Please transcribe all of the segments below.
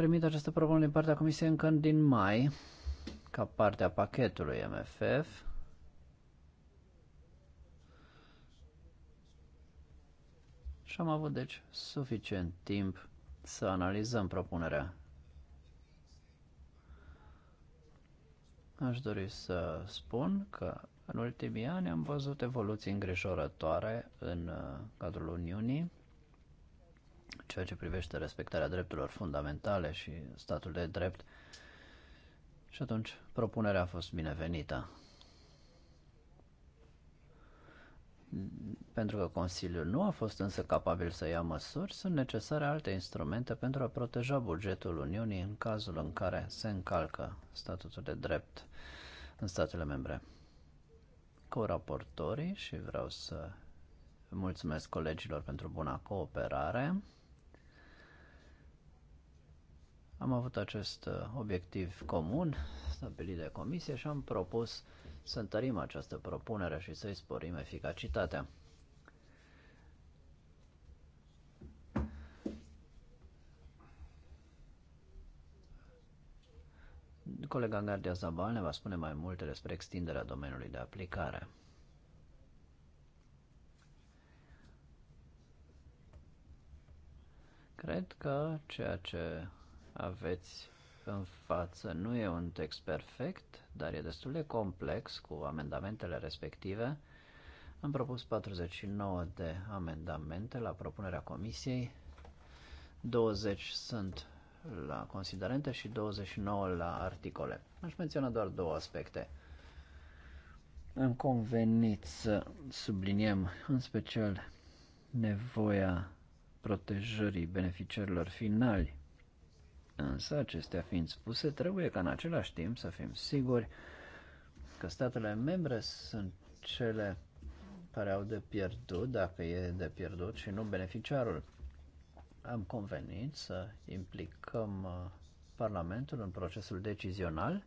primit această propunere din partea Comisiei încă din mai, ca parte a pachetului MFF. Și am avut, deci, suficient timp să analizăm propunerea. Aș dori să spun că în ultimii ani am văzut evoluții îngrijorătoare în uh, cadrul Uniunii ceea ce privește respectarea drepturilor fundamentale și statul de drept. Și atunci propunerea a fost binevenită. Pentru că Consiliul nu a fost însă capabil să ia măsuri, sunt necesare alte instrumente pentru a proteja bugetul Uniunii în cazul în care se încalcă statutul de drept în statele membre. Cu raportorii și vreau să mulțumesc colegilor pentru buna cooperare. Am avut acest uh, obiectiv comun stabilit de comisie și am propus să întărim această propunere și să-i sporim eficacitatea. Colega Gardia Zabal ne va spune mai multe despre extinderea domeniului de aplicare. Cred că ceea ce aveți în față. Nu e un text perfect, dar e destul de complex cu amendamentele respective. Am propus 49 de amendamente la propunerea comisiei, 20 sunt la considerente și 29 la articole. Aș menționa doar două aspecte. Am convenit să subliniem în special nevoia protejării beneficiarilor finali Însă, acestea fiind spuse, trebuie ca în același timp să fim siguri că statele membre sunt cele care au de pierdut, dacă e de pierdut, și nu beneficiarul. Am convenit să implicăm uh, Parlamentul în procesul decizional,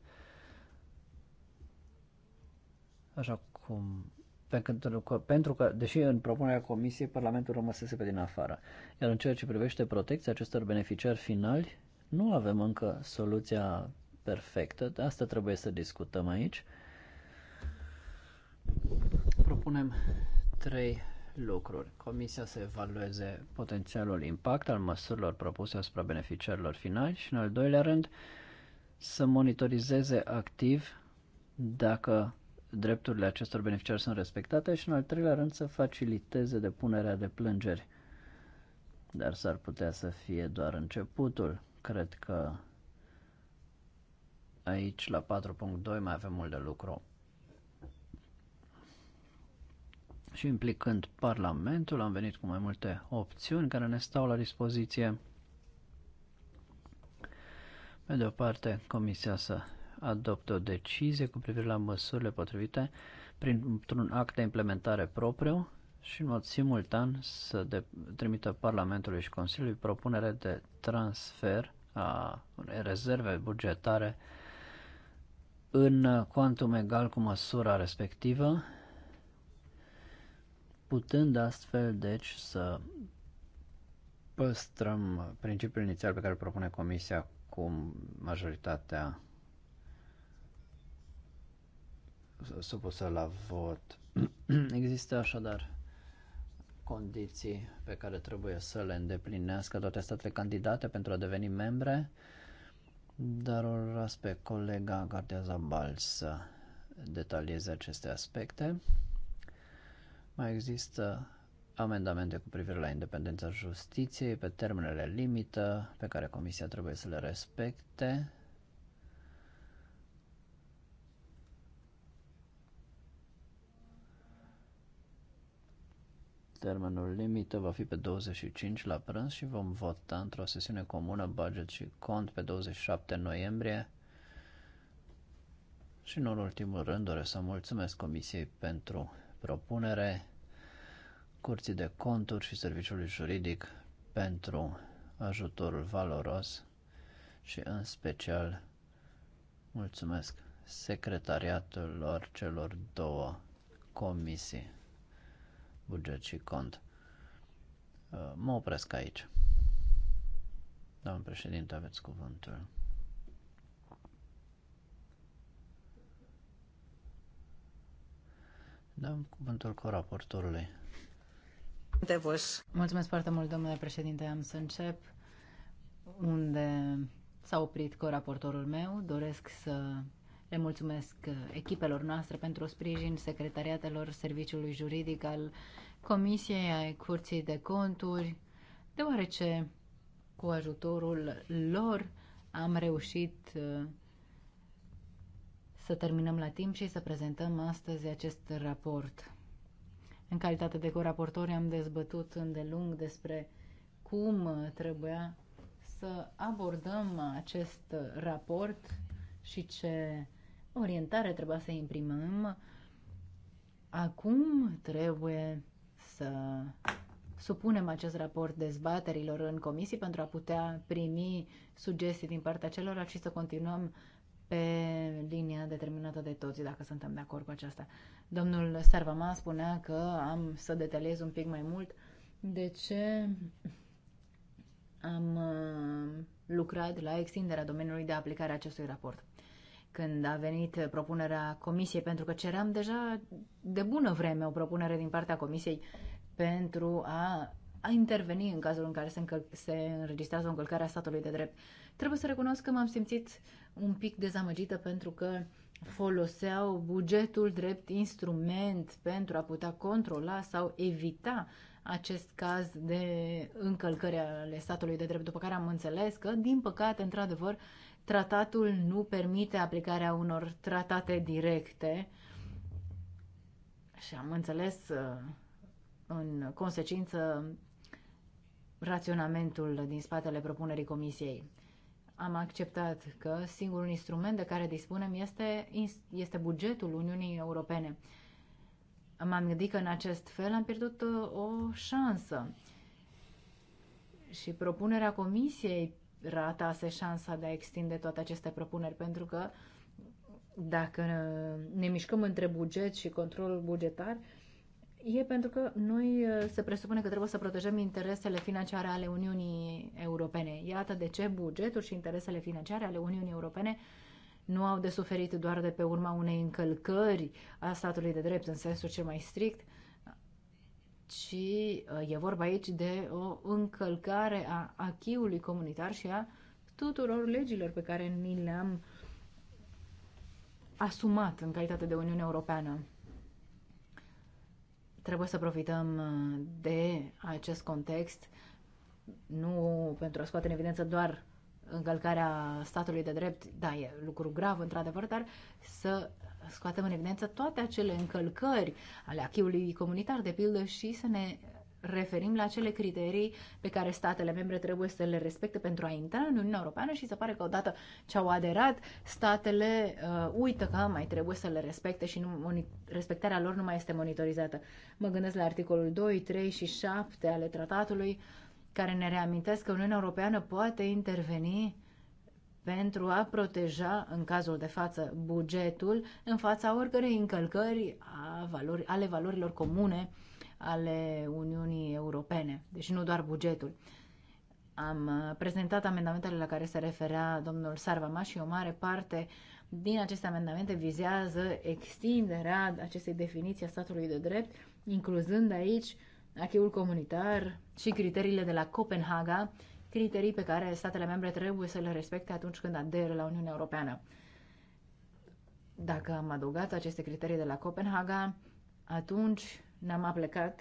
așa cum pentru că, pentru că, deși în propunerea Comisiei, Parlamentul rămăsese pe din afară. Iar în ceea ce privește protecția acestor beneficiari finali, nu avem încă soluția perfectă, asta trebuie să discutăm aici. Propunem trei lucruri. Comisia să evalueze potențialul impact al măsurilor propuse asupra beneficiarilor finali și, în al doilea rând, să monitorizeze activ dacă drepturile acestor beneficiari sunt respectate și, în al treilea rând, să faciliteze depunerea de plângeri. Dar s-ar putea să fie doar începutul. Cred că aici la 4.2 mai avem mult de lucru. Și implicând Parlamentul am venit cu mai multe opțiuni care ne stau la dispoziție. Pe de o parte, Comisia să adopte o decizie cu privire la măsurile potrivite printr-un act de implementare propriu și în mod simultan să de, trimită Parlamentului și Consiliului propunere de transfer a unei rezerve bugetare în cuantum egal cu măsura respectivă, putând astfel, deci, să păstrăm principiul inițial pe care îl propune Comisia cu majoritatea supusă la vot. Există așadar condiții pe care trebuie să le îndeplinească toate statele candidate pentru a deveni membre, dar o las pe colega cartea Zabal să detalieze aceste aspecte. Mai există amendamente cu privire la independența justiției pe termenele limită pe care Comisia trebuie să le respecte Termenul limită va fi pe 25 la prânz și vom vota într-o sesiune comună budget și cont pe 27 noiembrie. Și în ultimul rând doresc să mulțumesc Comisiei pentru propunere, Curții de Conturi și Serviciului Juridic pentru ajutorul valoros și în special mulțumesc secretariatelor celor două comisii buget și cont. Uh, mă opresc aici. Domnul președinte, aveți cuvântul. Dăm cuvântul raportorului. Mulțumesc foarte mult, domnule președinte. Am să încep unde s-a oprit raportorul meu. Doresc să le mulțumesc uh, echipelor noastre pentru sprijin, secretariatelor Serviciului Juridic al Comisiei, ai Curții de Conturi, deoarece cu ajutorul lor am reușit uh, să terminăm la timp și să prezentăm astăzi acest raport. În calitate de coraportori am dezbătut îndelung despre cum trebuia să abordăm acest raport și ce orientare trebuia să imprimăm. Acum trebuie să supunem acest raport dezbaterilor în comisii pentru a putea primi sugestii din partea celor, și să continuăm pe linia determinată de toți, dacă suntem de acord cu aceasta. Domnul Sarvama spunea că am să detaliez un pic mai mult de ce am uh, lucrat la extinderea domeniului de aplicare a acestui raport când a venit propunerea comisiei, pentru că ceream deja de bună vreme o propunere din partea comisiei pentru a, a interveni în cazul în care se, încăl- se înregistrează o încălcare a statului de drept. Trebuie să recunosc că m-am simțit un pic dezamăgită pentru că foloseau bugetul drept instrument pentru a putea controla sau evita acest caz de încălcări ale statului de drept, după care am înțeles că, din păcate, într-adevăr, tratatul nu permite aplicarea unor tratate directe și am înțeles uh, în consecință raționamentul din spatele propunerii comisiei. Am acceptat că singurul instrument de care dispunem este, este bugetul Uniunii Europene m-am gândit că în acest fel am pierdut uh, o șansă. Și propunerea comisiei ratase șansa de a extinde toate aceste propuneri, pentru că dacă uh, ne mișcăm între buget și control bugetar, e pentru că noi uh, se presupune că trebuie să protejăm interesele financiare ale Uniunii Europene. Iată de ce bugetul și interesele financiare ale Uniunii Europene uh, nu au de suferit doar de pe urma unei încălcări a statului de drept în sensul cel mai strict, ci uh, e vorba aici de o încălcare a achiului comunitar și a tuturor legilor pe care ni le-am asumat în calitate de Uniune Europeană. Trebuie să profităm uh, de acest context, nu pentru a scoate în evidență doar încălcarea statului de drept, da, e lucru grav, într-adevăr, dar să scoatem în evidență toate acele încălcări ale achiului comunitar, de pildă, și să ne referim la acele criterii pe care statele membre trebuie să le respecte pentru a intra în Uniunea Europeană și se pare că odată ce au aderat, statele uh, uită că mai trebuie să le respecte și nu, respectarea lor nu mai este monitorizată. Mă gândesc la articolul 2, 3 și 7 ale tratatului, uh, care ne reamintesc că Uniunea Europeană poate interveni pentru a proteja, în cazul de față, bugetul în fața oricărei încălcări a valori, ale valorilor comune ale Uniunii Europene, deci nu doar bugetul. Am uh, prezentat amendamentele la care se referea domnul Sarvama și o mare parte din aceste amendamente vizează extinderea acestei definiții a statului de drept, incluzând aici uh, acheul comunitar și criteriile de la Copenhaga, criterii pe care statele membre trebuie să le respecte atunci când aderă la Uniunea Europeană. Dacă am adăugat aceste criterii de la Copenhaga, atunci ne-am aplicat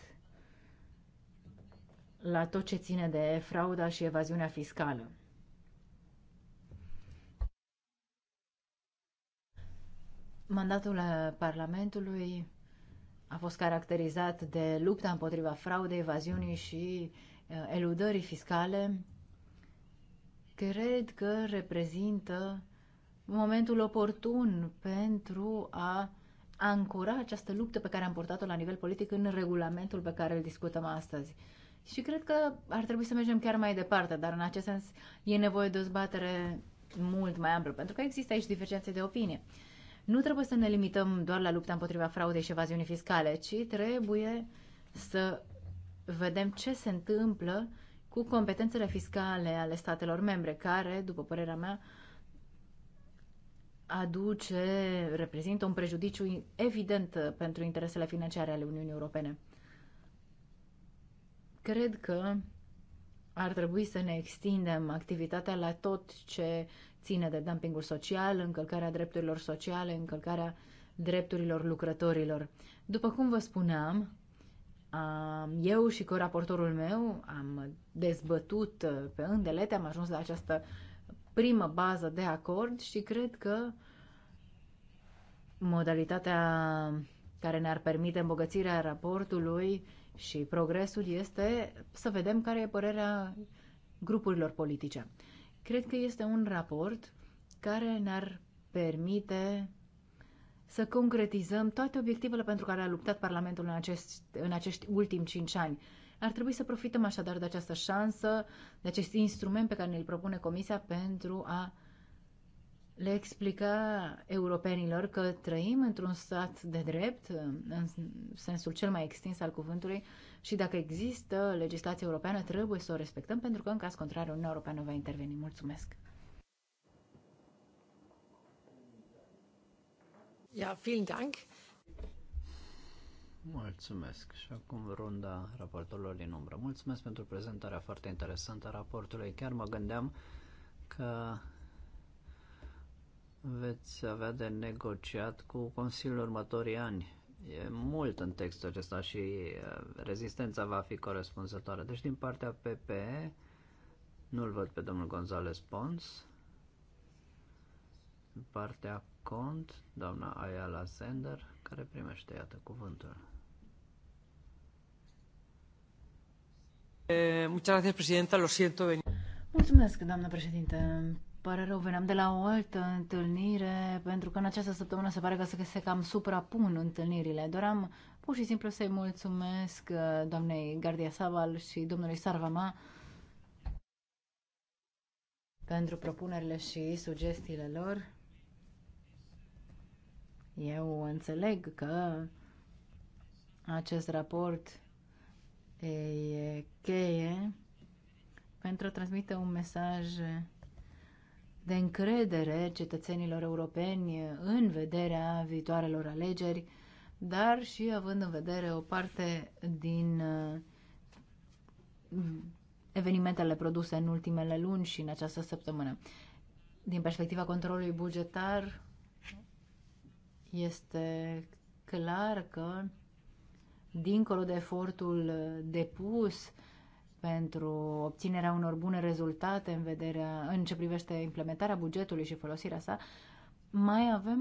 la tot ce ține de frauda și evaziunea fiscală. Mandatul Parlamentului a fost caracterizat de lupta împotriva fraudei, evaziunii și uh, eludării fiscale, cred că reprezintă momentul oportun pentru a ancora această luptă pe care am portat-o la nivel politic în regulamentul pe care îl discutăm astăzi. Și cred că ar trebui să mergem chiar mai departe, dar în acest sens e nevoie de o zbatere mult mai amplă, pentru că există aici divergențe de opinie. Nu trebuie să ne limităm doar la lupta împotriva fraudei și evaziunii fiscale, ci trebuie să vedem ce se întâmplă cu competențele fiscale ale statelor membre, care, după părerea mea, aduce, reprezintă un prejudiciu evident pentru interesele financiare ale Uniunii Europene. Cred că ar trebui să ne extindem activitatea la tot ce ține de dumpingul social, încălcarea drepturilor sociale, încălcarea drepturilor lucrătorilor. După cum vă spuneam, eu și cu raportorul meu am dezbătut uh, pe îndelete, am ajuns la această primă bază de acord și cred că modalitatea care ne-ar permite îmbogățirea raportului și progresul este să vedem care e părerea grupurilor politice. Cred că este un raport care ne-ar permite să concretizăm toate obiectivele pentru care a luptat Parlamentul în, acest, în acești ultimi cinci ani. Ar trebui să profităm așadar de această șansă, de acest instrument pe care ne-l propune Comisia pentru a le explica europenilor că trăim într-un stat de drept, în sensul cel mai extins al cuvântului, și dacă există legislație europeană, trebuie să o respectăm, pentru că în caz contrar Uniunea Europeană va interveni. Mulțumesc! Ja, vielen Dank. Mulțumesc. Și acum runda raportorilor din umbră. Mulțumesc pentru prezentarea foarte interesantă a raportului. Chiar mă gândeam că veți avea de negociat cu Consiliul următorii ani. E mult în textul acesta și rezistența va fi corespunzătoare. Deci din partea PPE nu-l văd pe domnul Gonzales Pons. Din partea cont, doamna Ayala Sender, care primește, iată, cuvântul. Eh, Mulțumesc, doamnă președinte pare rău, veneam de la o altă întâlnire, pentru că în această săptămână se pare că se, se cam suprapun întâlnirile. Doream pur și simplu să-i mulțumesc uh, doamnei Gardia Saval și domnului Sarvama pentru propunerile și sugestiile lor. Eu înțeleg că acest raport e cheie pentru a transmite un mesaj de încredere cetățenilor europeni în vederea viitoarelor alegeri, dar și având în vedere o parte din uh, evenimentele produse în ultimele luni și în această săptămână. Din perspectiva controlului bugetar, este clar că, dincolo de efortul depus pentru obținerea unor bune rezultate în vederea în ce privește implementarea bugetului și folosirea sa, mai avem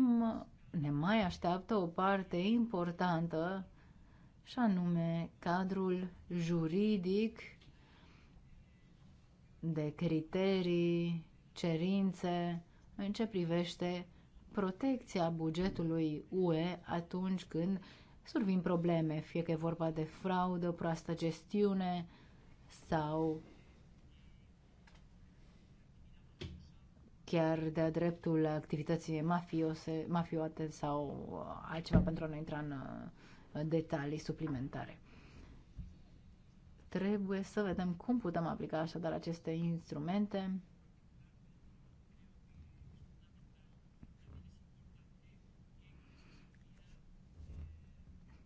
ne mai așteaptă o parte importantă și anume cadrul juridic de criterii, cerințe în ce privește protecția bugetului UE atunci când survin probleme, fie că e vorba de fraudă, proastă gestiune, sau chiar de-a dreptul activității mafiose, mafioate sau uh, altceva pentru a nu intra în, uh, detalii suplimentare. Trebuie să vedem cum putem aplica așadar aceste instrumente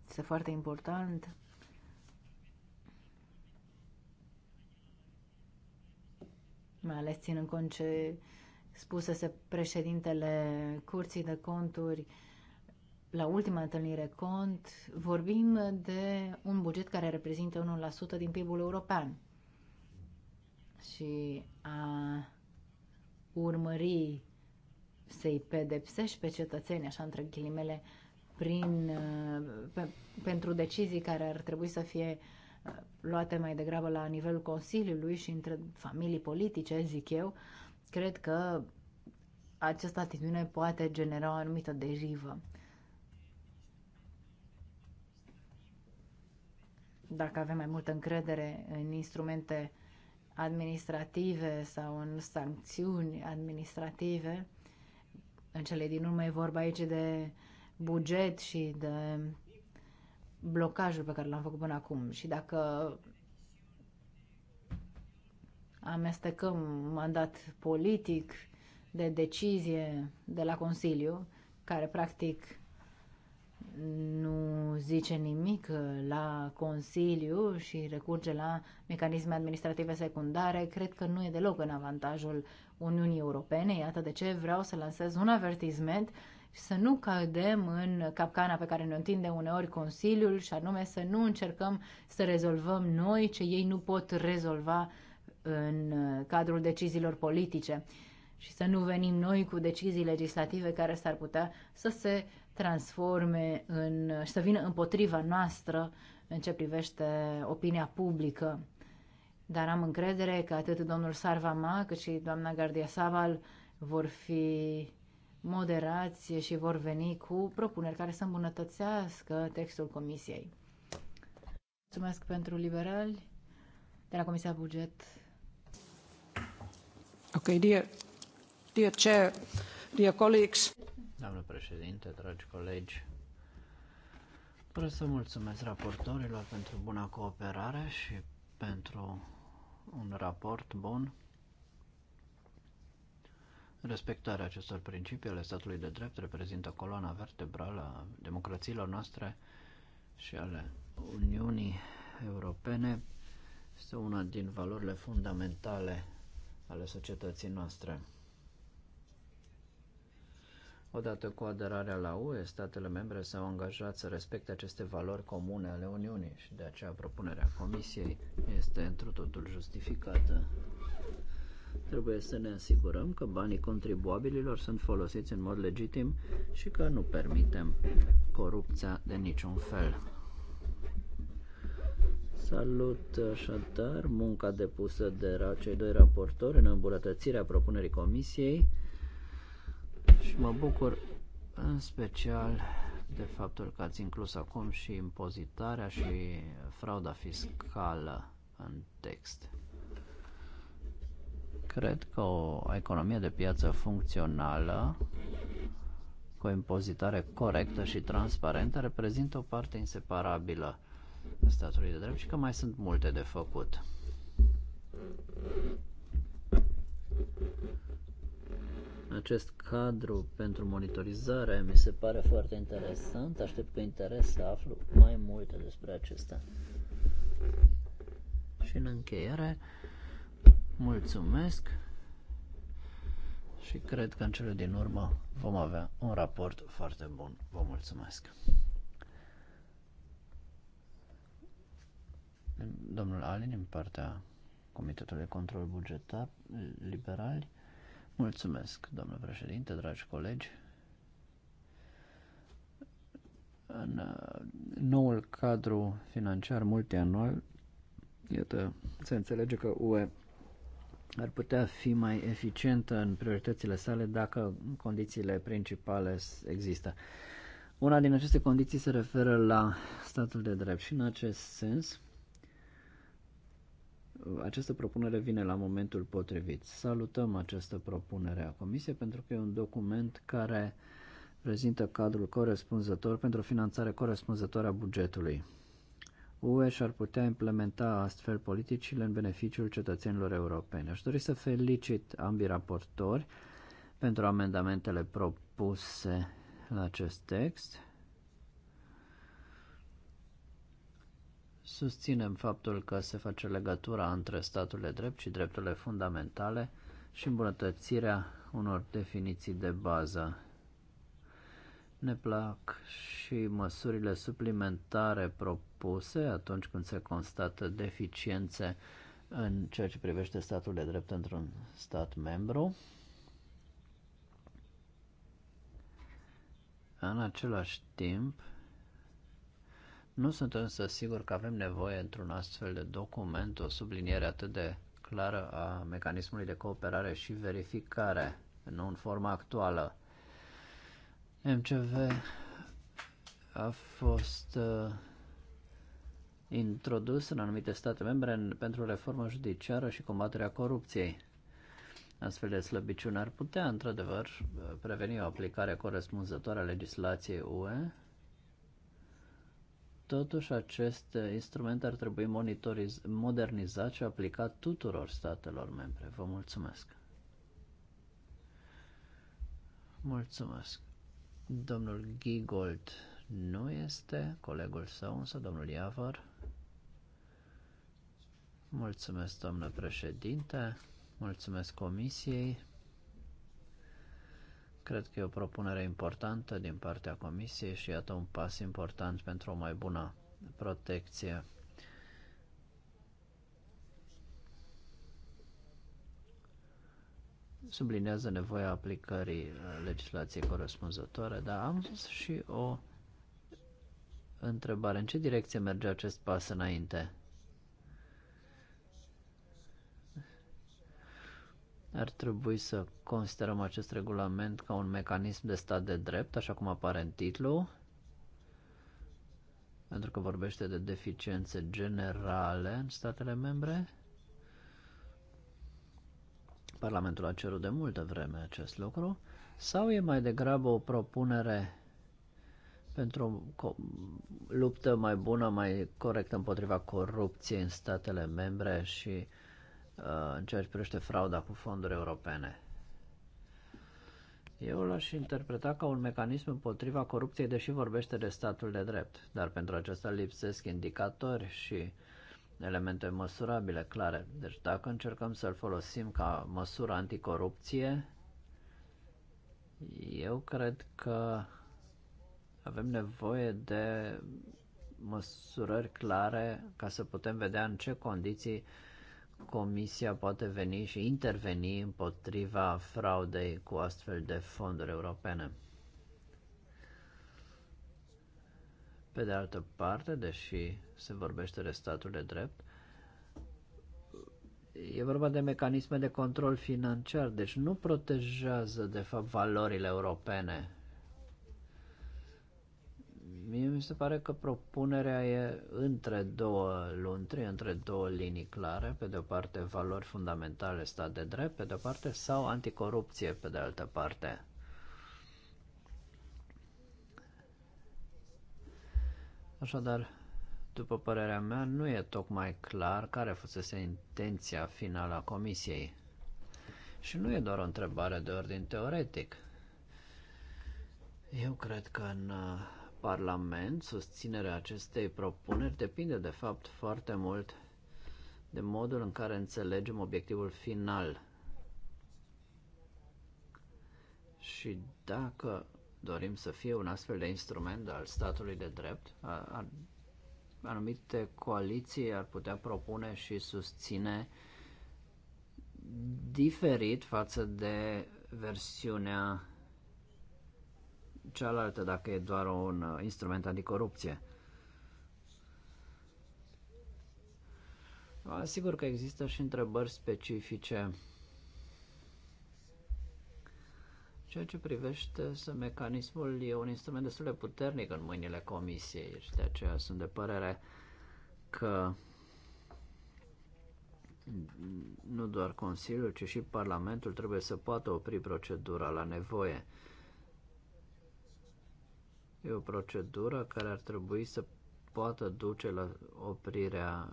Este foarte important mai ales ținând cont ce spusese președintele Curții de Conturi la ultima întâlnire cont, vorbim de un buget care reprezintă 1% din PIB-ul european. Și a urmări să-i pedepsești pe cetățeni, așa între ghilimele, prin, pe, pentru decizii care ar trebui să fie luate mai degrabă la nivelul Consiliului și între familii politice, zic eu, cred că această atitudine poate genera o anumită derivă. Dacă avem mai multă încredere în instrumente administrative sau în sancțiuni administrative, în cele din urmă e vorba aici de buget și de blocajul pe care l-am făcut până acum și dacă amestecăm mandat politic de decizie de la Consiliu, care practic nu zice nimic la Consiliu și recurge la mecanisme administrative secundare, cred că nu e deloc în avantajul Uniunii Europene. Iată de ce vreau să lansez un avertisment uh, și să nu cădem în capcana pe care ne întinde uneori Consiliul și anume să nu încercăm să rezolvăm noi ce ei nu pot rezolva în cadrul deciziilor politice și să nu venim noi cu decizii legislative care s-ar putea să se transforme în, să vină împotriva noastră în ce privește opinia publică. Dar am încredere că atât domnul Sarva Ma, cât și doamna Gardia Saval vor fi moderați și vor veni cu propuneri care să îmbunătățească textul comisiei. Mulțumesc pentru liberali de la Comisia Buget. Ok, dear, dear chair, dear colleagues. Doamnă președinte, dragi colegi, vreau să mulțumesc raportorilor pentru buna cooperare și pentru un raport bun. Respectarea acestor principii ale statului de drept reprezintă coloana vertebrală a democrațiilor noastre și ale Uniunii Europene. Este una din valorile fundamentale ale societății noastre. Odată cu aderarea la UE, statele membre s-au angajat să respecte aceste valori comune ale Uniunii și de aceea propunerea Comisiei este întru totul justificată. Trebuie să ne asigurăm că banii contribuabililor sunt folosiți în mod legitim și că nu permitem corupția de niciun fel. Salut așadar munca depusă de cei doi raportori în îmbunătățirea propunerii comisiei și mă bucur în special de faptul că ați inclus acum și impozitarea și frauda fiscală în text. Cred că o economie de piață funcțională cu o impozitare corectă și transparentă reprezintă o parte inseparabilă a statului de drept și că mai sunt multe de făcut. Acest cadru pentru monitorizare mi se pare foarte interesant. Aștept cu interes să aflu mai multe despre acesta. Și în încheiere, Mulțumesc și cred că în cele din urmă vom avea un raport foarte bun. Vă mulțumesc. Domnul Alin, din partea Comitetului de Control Bugetar Liberali, mulțumesc, domnule președinte, dragi colegi. În uh, noul cadru financiar multianual, iată, se înțelege că UE ar putea fi mai eficientă în prioritățile sale dacă condițiile principale există. Una din aceste condiții se referă la statul de drept și în acest sens această propunere vine la momentul potrivit. Salutăm această propunere a Comisiei pentru că e un document care prezintă cadrul corespunzător pentru finanțare corespunzătoare a bugetului. UE și-ar putea implementa astfel politicile în beneficiul cetățenilor europeni. Aș dori să felicit ambii raportori pentru amendamentele propuse la acest text. Susținem faptul că se face legătura între statul de drept și drepturile fundamentale și îmbunătățirea unor definiții de bază ne plac și măsurile suplimentare propuse atunci când se constată deficiențe în ceea ce privește statul de drept într-un stat membru. În același timp, nu sunt însă sigur că avem nevoie într-un astfel de document o subliniere atât de clară a mecanismului de cooperare și verificare, nu în forma actuală. MCV a fost uh, introdus în anumite state membre în, pentru reformă judiciară și combaterea corupției. Astfel de slăbiciune ar putea, într-adevăr, uh, preveni o aplicare corespunzătoare a legislației UE. Totuși, acest uh, instrument ar trebui modernizat și aplicat tuturor statelor membre. Vă mulțumesc! Mulțumesc! Domnul Gigold nu este, colegul său însă, domnul Iavor. Mulțumesc, domnule președinte, mulțumesc comisiei. Cred că e o propunere importantă din partea comisiei și iată un pas important pentru o mai bună protecție sublinează nevoia aplicării uh, legislației corespunzătoare, dar am și o întrebare. În ce direcție merge acest pas înainte? Ar trebui să considerăm acest regulament ca un mecanism de stat de drept, așa cum apare în titlu, pentru că vorbește de deficiențe generale în statele membre. Parlamentul a cerut de multă vreme acest lucru, sau e mai degrabă o propunere pentru o luptă mai bună, mai corectă împotriva corupției în statele membre și uh, în ceea ce privește frauda cu fonduri europene. Eu l-aș interpreta ca un mecanism împotriva corupției, deși vorbește de statul de drept, dar pentru acesta lipsesc indicatori și elemente măsurabile clare. Deci dacă încercăm să-l folosim ca măsură anticorupție, eu cred că avem nevoie de măsurări clare ca să putem vedea în ce condiții Comisia poate veni și interveni împotriva fraudei cu astfel de fonduri europene. Pe de altă parte, deși se vorbește de statul de drept, e vorba de mecanisme de control financiar, deci nu protejează, de fapt, valorile europene. Mie mi se pare că propunerea e între două luntri, între două linii clare, pe de o parte valori fundamentale, stat de drept, pe de o parte, sau anticorupție, pe de altă parte. Așadar, după părerea mea, nu e tocmai clar care fusese intenția finală a comisiei. Și nu e doar o întrebare de ordin teoretic. Eu cred că în uh, Parlament susținerea acestei propuneri depinde de fapt foarte mult de modul în care înțelegem obiectivul final. Și dacă dorim să fie un astfel de instrument al statului de drept. Anumite coaliții ar putea propune și susține diferit față de versiunea cealaltă, dacă e doar un uh, instrument anticorupție. Sigur că există și întrebări specifice ceea ce privește să mecanismul e un instrument destul de puternic în mâinile comisiei și de aceea sunt de părere că nu doar Consiliul, ci și Parlamentul trebuie să poată opri procedura la nevoie. E o procedură care ar trebui să poată duce la oprirea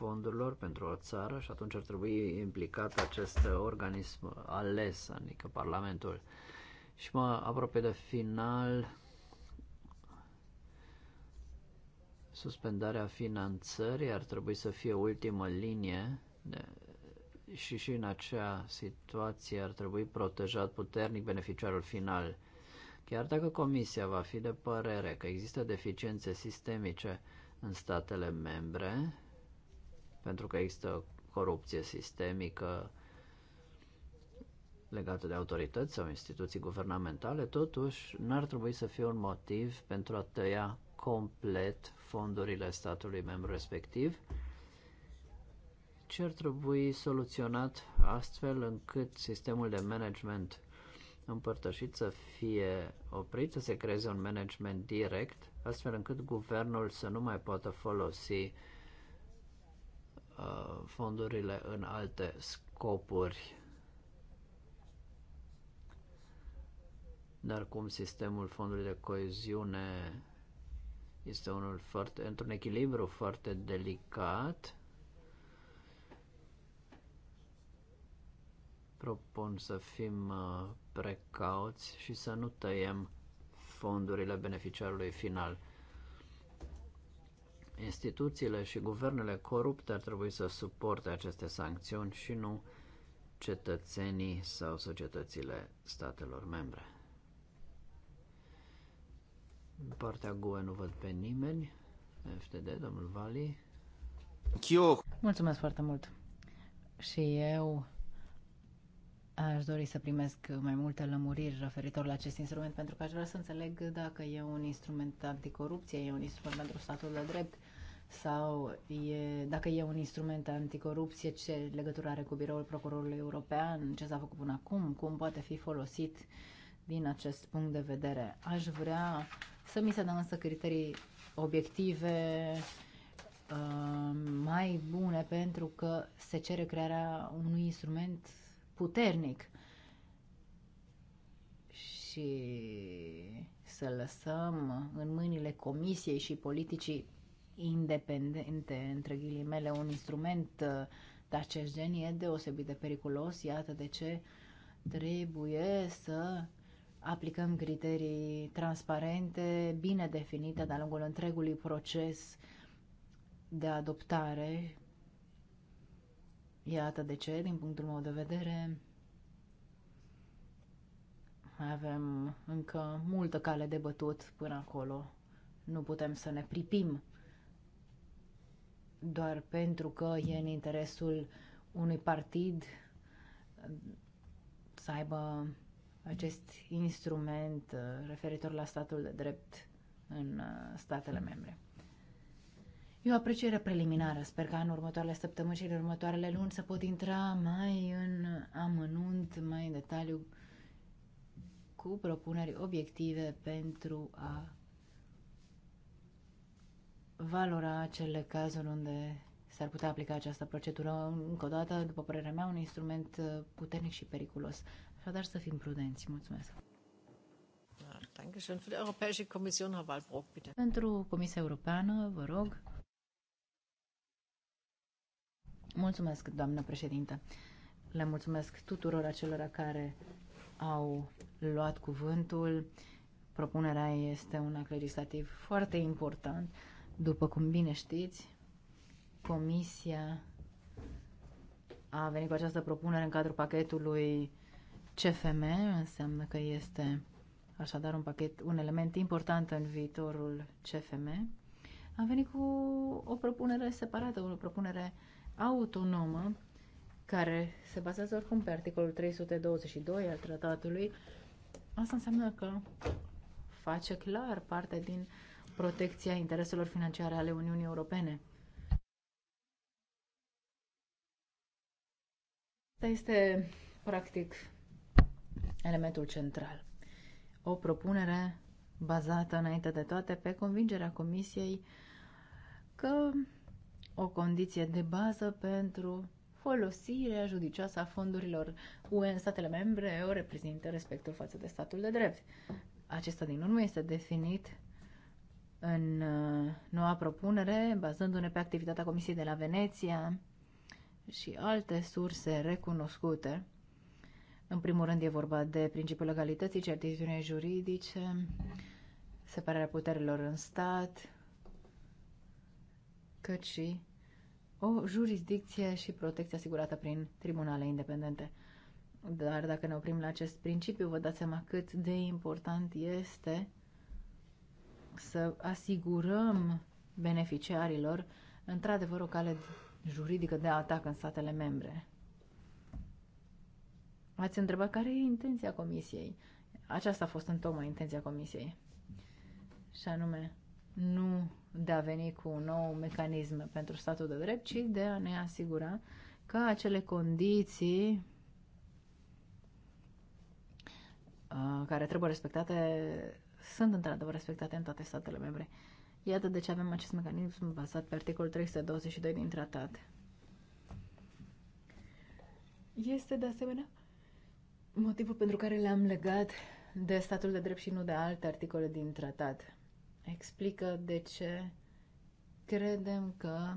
fondurilor pentru o țară și atunci ar trebui implicat acest organism ales, adică Parlamentul. Și mă apropie de final suspendarea finanțării ar trebui să fie ultimă linie de, și și în acea situație ar trebui protejat puternic beneficiarul final. Chiar dacă Comisia va fi de părere că există deficiențe sistemice în statele membre, pentru că există corupție sistemică legată de autorități sau instituții guvernamentale, totuși n-ar trebui să fie un motiv pentru a tăia complet fondurile statului membru respectiv, ce ar trebui soluționat astfel încât sistemul de management împărtășit să fie oprit, să se creeze un management direct, astfel încât guvernul să nu mai poată folosi Uh, fondurile în alte scopuri. Dar cum sistemul fondului de coeziune este unul foarte, într-un echilibru foarte delicat, propun să fim uh, precauți și să nu tăiem fondurile beneficiarului final. Instituțiile și guvernele corupte ar trebui să suporte aceste sancțiuni și nu cetățenii sau societățile statelor membre. În partea GUE nu văd pe nimeni. FTD, domnul Vali. Chiu. Mulțumesc foarte mult. Și eu aș dori să primesc mai multe lămuriri referitor la acest instrument, pentru că aș vrea să înțeleg dacă e un instrument anticorupție, e un instrument pentru statul de drept sau e, dacă e un instrument anticorupție, ce legătură are cu biroul procurorului european, ce s-a făcut până acum, cum poate fi folosit din acest punct de vedere. Aș vrea să mi se dă însă criterii obiective uh, mai bune pentru că se cere crearea unui instrument puternic și să lăsăm în mâinile comisiei și politicii independente, între ghilimele, un instrument uh, de acest gen e deosebit de periculos. Iată de ce trebuie să aplicăm criterii transparente, bine definite de-a lungul întregului proces de adoptare. Iată de ce, din punctul meu de vedere, avem încă multă cale de bătut până acolo. Nu putem să ne pripim doar pentru că e în interesul unui partid să aibă acest instrument uh, referitor la statul de drept în uh, statele membre. E o apreciere preliminară. Sper că în următoarele săptămâni și în următoarele luni să pot intra mai în amănunt, mai în detaliu cu propuneri obiective pentru a valora acele cazuri unde s-ar putea aplica această procedură. Încă o dată, după părerea mea, un instrument uh, puternic și periculos. Așadar, să fim prudenți. Mulțumesc. Pentru Comisia Europeană, vă rog. Mulțumesc, doamnă președintă. Le mulțumesc tuturor acelora care au luat cuvântul. Propunerea este un act legislativ foarte important după cum bine știți, Comisia a venit cu această propunere în cadrul pachetului CFM, înseamnă că este așadar un pachet, un element important în viitorul CFM. A venit cu o propunere separată, o propunere autonomă care se bazează oricum pe articolul 322 al tratatului. Asta înseamnă că face clar parte din uh, protecția intereselor financiare ale Uniunii Europene. Asta este, practic, elementul central. O propunere bazată, înainte de toate, pe convingerea Comisiei că o condiție de bază pentru folosirea judicioasă a fondurilor UE în statele membre o reprezintă respectul față de statul de drept. Acesta, din urmă, este definit în uh, noua propunere, bazându-ne pe activitatea Comisiei de la Veneția și alte surse recunoscute. În primul rând e vorba de principiul legalității, certitudine juridice, separarea puterilor în stat, cât și o jurisdicție și protecție asigurată prin tribunale independente. Dar dacă ne oprim la acest principiu, vă dați seama cât de important este să asigurăm beneficiarilor într-adevăr o cale juridică de atac în statele membre. Ați întrebat care e intenția comisiei. Aceasta a fost întocmai intenția comisiei. Și anume, nu de a veni cu un nou mecanism pentru statul de drept, ci de a ne asigura că acele condiții uh, care trebuie respectate sunt într-adevăr respectate în toate statele membre. Iată de ce avem acest mecanism bazat pe articolul 322 din tratat. Este de asemenea motivul pentru care le-am legat de statul de drept și nu de alte articole din tratat. Explică de ce credem că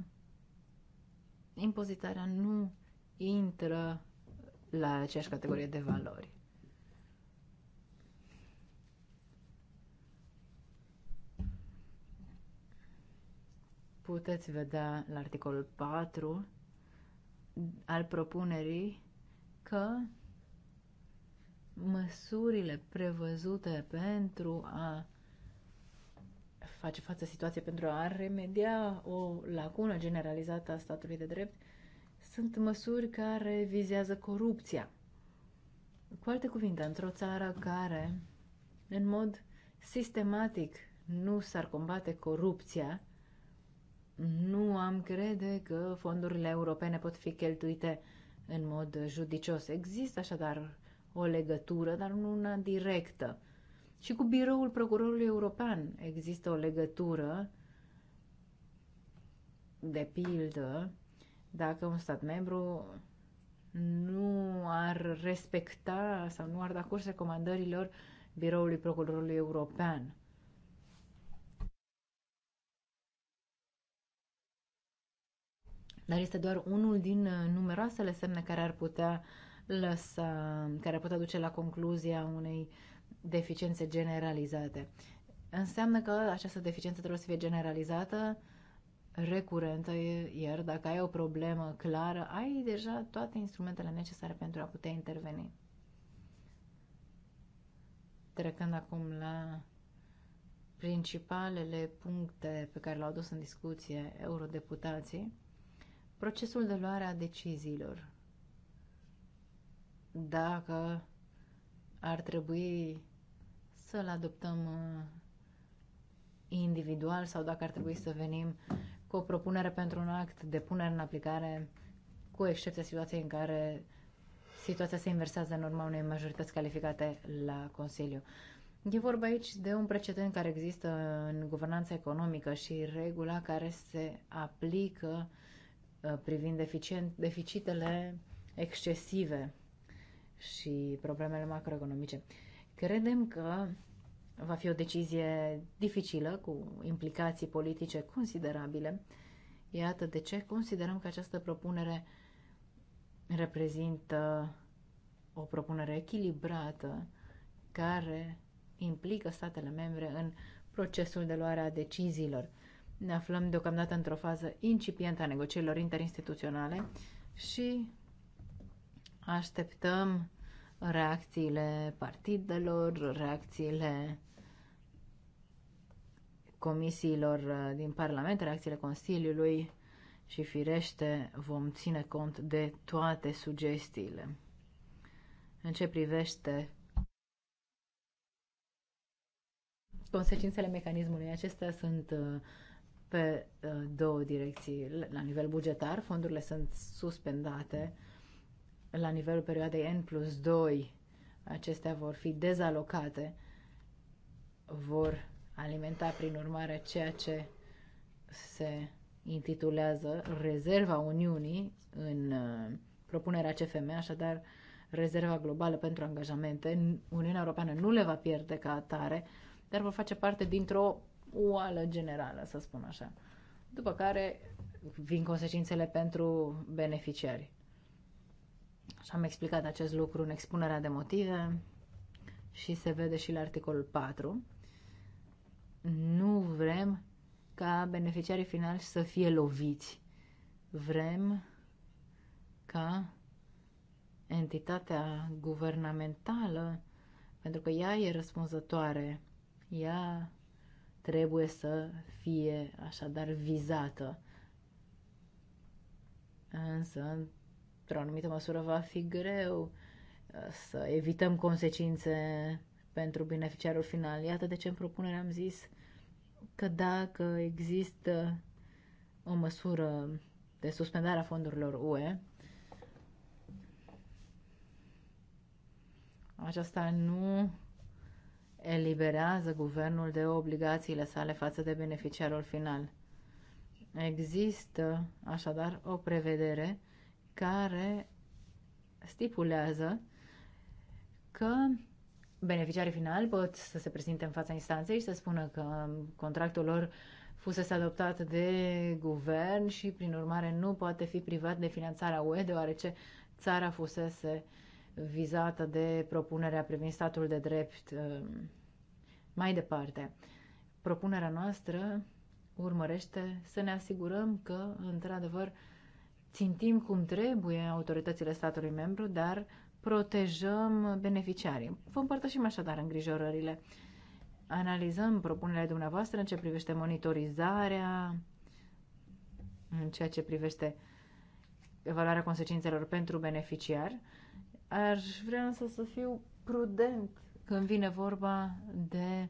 impozitarea nu intră la aceeași categorie de valori. puteți vedea la articolul 4 al propunerii că măsurile prevăzute pentru a face față situației, pentru a remedia o lacună generalizată a statului de drept, sunt măsuri care vizează corupția. Cu alte cuvinte, într-o țară care, în mod sistematic, nu s-ar combate corupția, nu am crede că fondurile europene pot fi cheltuite în mod judicios. Există așadar o legătură, dar nu una directă. Și cu biroul procurorului european există o legătură, de pildă, dacă un stat membru nu ar respecta sau nu ar da curs recomandărilor biroului procurorului european. dar este doar unul din uh, numeroasele semne care ar putea lăsa, care ar putea duce la concluzia unei deficiențe generalizate. Înseamnă că această deficiență trebuie să fie generalizată, recurentă, iar dacă ai o problemă clară, ai deja toate instrumentele necesare pentru a putea interveni. Trecând acum la principalele puncte pe care le-au dus în discuție eurodeputații, procesul de luare a deciziilor. Dacă ar trebui să-l adoptăm uh, individual sau dacă ar trebui să venim cu o propunere pentru un act de punere în aplicare, cu excepția situației în care situația se inversează în urma unei majorități calificate la Consiliu. E vorba aici de un precedent care există în guvernanța economică și regula care se aplică Uh, privind deficitele excesive și problemele macroeconomice. Credem că va fi o decizie dificilă, cu implicații politice considerabile. Iată de ce considerăm că această propunere reprezintă o propunere echilibrată care implică statele membre în procesul de luare a deciziilor. Ne aflăm deocamdată într-o fază incipientă a negocierilor interinstituționale și așteptăm reacțiile partidelor, reacțiile comisiilor din Parlament, reacțiile Consiliului și firește vom ține cont de toate sugestiile. În ce privește consecințele mecanismului acestea sunt uh, pe uh, două direcții. La nivel bugetar, fondurile sunt suspendate. La nivelul perioadei N plus 2, acestea vor fi dezalocate, vor alimenta prin urmare ceea ce se intitulează Rezerva Uniunii în uh, propunerea CFM, așadar Rezerva Globală pentru Angajamente. Uniunea Europeană nu le va pierde ca atare, dar vor face parte dintr-o oală generală, să spun așa. După care vin consecințele pentru beneficiari. Și am explicat acest lucru în expunerea de motive și se vede și la articolul 4. Nu vrem ca beneficiarii finali să fie loviți. Vrem ca entitatea guvernamentală, pentru că ea e răspunzătoare, ea trebuie să fie așadar vizată. Însă, într-o anumită măsură, va fi greu uh, să evităm consecințe pentru beneficiarul final. Iată de ce în propunere am zis că dacă există o măsură de suspendare a fondurilor UE, aceasta nu eliberează guvernul de obligațiile sale față de beneficiarul final. Există așadar o prevedere care stipulează că beneficiarii finali pot să se prezinte în fața instanței și să spună că contractul lor fusese adoptat de guvern și prin urmare nu poate fi privat de finanțarea UE deoarece țara fusese uh, vizată de propunerea privind statul de drept um, mai departe. Propunerea noastră urmărește să ne asigurăm că, într-adevăr, țintim cum trebuie autoritățile statului membru, dar protejăm beneficiarii. Vă împărtășim așadar îngrijorările. Analizăm propunerea dumneavoastră în ce privește monitorizarea, în ceea ce privește evaluarea consecințelor pentru beneficiar Aș vrea însă să fiu prudent când vine vorba de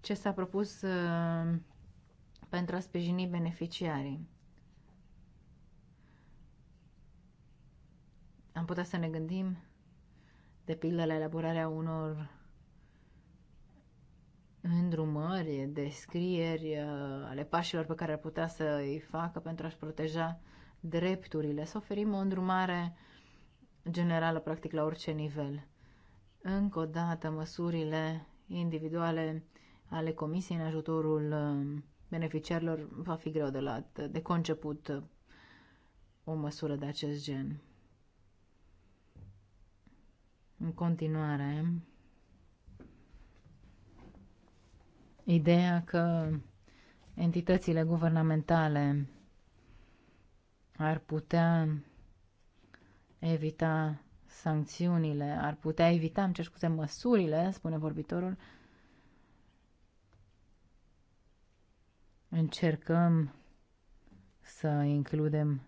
ce s-a propus uh, pentru a sprijini beneficiarii. Am putea să ne gândim de pildă la elaborarea unor îndrumări, descrieri uh, ale pașilor pe care ar putea să îi facă pentru a-și proteja drepturile, să oferim o îndrumare generală, practic, la orice nivel. Încă o dată, măsurile individuale ale Comisiei în ajutorul um, beneficiarilor va fi greu de, la, de conceput uh, o măsură de acest gen. În continuare, ideea că entitățile guvernamentale ar putea evita sancțiunile, ar putea evita, îmi cer scuze, măsurile, spune vorbitorul. Încercăm să includem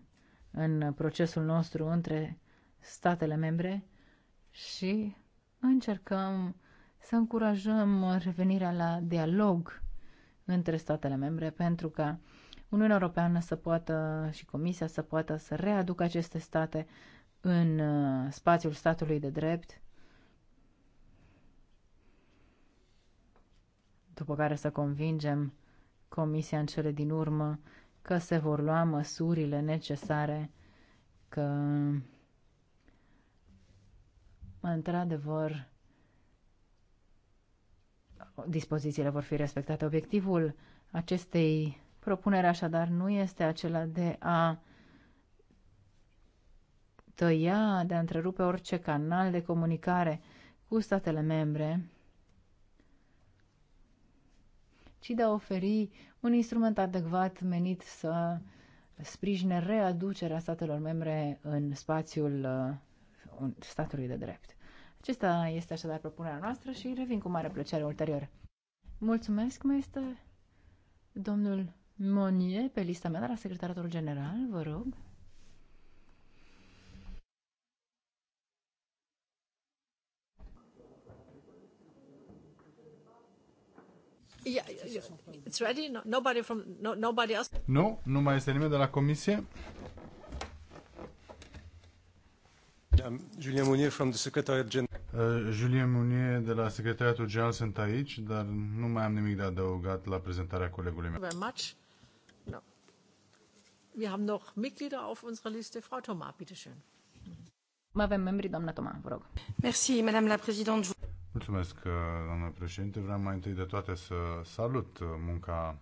în procesul nostru între statele membre și încercăm să încurajăm revenirea la dialog între statele membre pentru ca Uniunea Europeană să poată și Comisia să poată să readucă aceste state în uh, spațiul statului de drept, după care să convingem Comisia în cele din urmă că se vor lua măsurile necesare, că într-adevăr dispozițiile vor fi respectate. Obiectivul acestei propuneri așadar nu este acela de a tăia, de a întrerupe orice canal de comunicare cu statele membre, ci de a oferi un instrument adecvat menit să sprijine readucerea statelor membre în spațiul uh, statului de drept. Acesta este așadar propunerea noastră și revin cu mare plăcere ulterior. Mulțumesc, mai este domnul Monie pe lista mea la secretaratul general, vă rog. Yeah, it's ready? No, nobody from, no, nobody else? Nu, nu mai este nimeni de la comisie. Um, Julien Mounier from the Secretariat General. Uh, Julien Mounier de la Secretariatul General sunt aici, dar nu mai am nimic de adăugat la prezentarea colegului meu. Very much. No. Wir haben noch Mitglieder auf unserer Liste. Frau Thomas, bitte schön. Mai avem membri, doamna Toma, vă rog. Merci, Madame la Présidente. Mulțumesc, uh, doamnă președinte. Vreau mai întâi de toate să salut uh, munca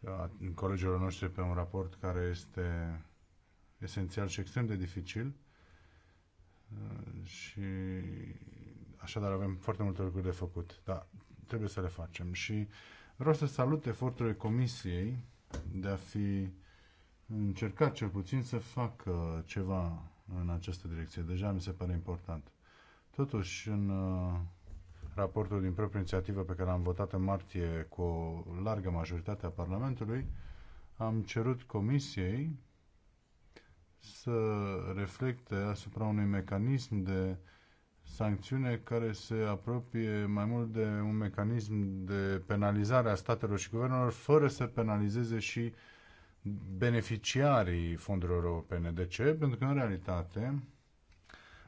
uh, colegilor noștri pe un raport care este esențial și extrem de dificil și așadar avem foarte multe lucruri de făcut, dar trebuie să le facem și vreau să salut eforturile Comisiei de a fi încercat cel puțin să facă ceva în această direcție. Deja mi se pare important. Totuși, în raportul din proprie inițiativă pe care l-am votat în martie cu o largă majoritate a Parlamentului, am cerut Comisiei să reflecte asupra unui mecanism de sancțiune care se apropie mai mult de un mecanism de penalizare a statelor și guvernelor fără să penalizeze și beneficiarii fondurilor europene. De ce? Pentru că în realitate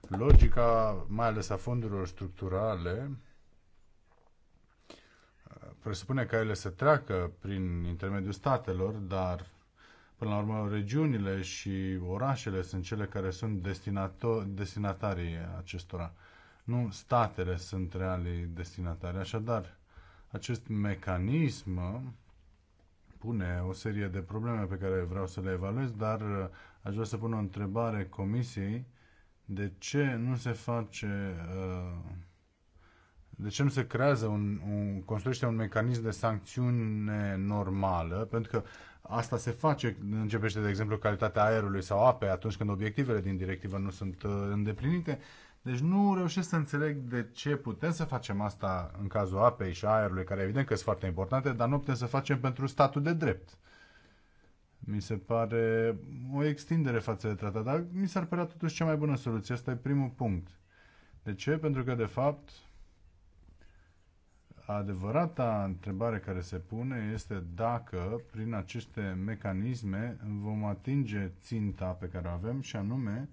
logica, mai ales a fondurilor structurale, presupune că ele se treacă prin intermediul statelor, dar până la urmă regiunile și orașele sunt cele care sunt destinatarii acestora. Nu statele sunt realii destinatari. Așadar, acest mecanism pune o serie de probleme pe care vreau să le evaluez, dar uh, aș vrea să pun o întrebare comisiei de ce nu se face uh, de ce nu se creează un, un, construiește un mecanism de sancțiune normală? Pentru că asta se face, începește, de exemplu, calitatea aerului sau apei atunci când obiectivele din directivă nu sunt uh, îndeplinite. Deci nu reușesc să înțeleg de ce putem să facem asta în cazul apei și aerului, care evident că sunt foarte importante, dar nu putem să facem pentru statul de drept. Mi se pare o extindere față de tratat, dar mi s-ar părea totuși cea mai bună soluție. Asta e primul punct. De ce? Pentru că, de fapt, Adevărata întrebare care se pune este dacă, prin aceste mecanisme, vom atinge ținta pe care o avem și anume,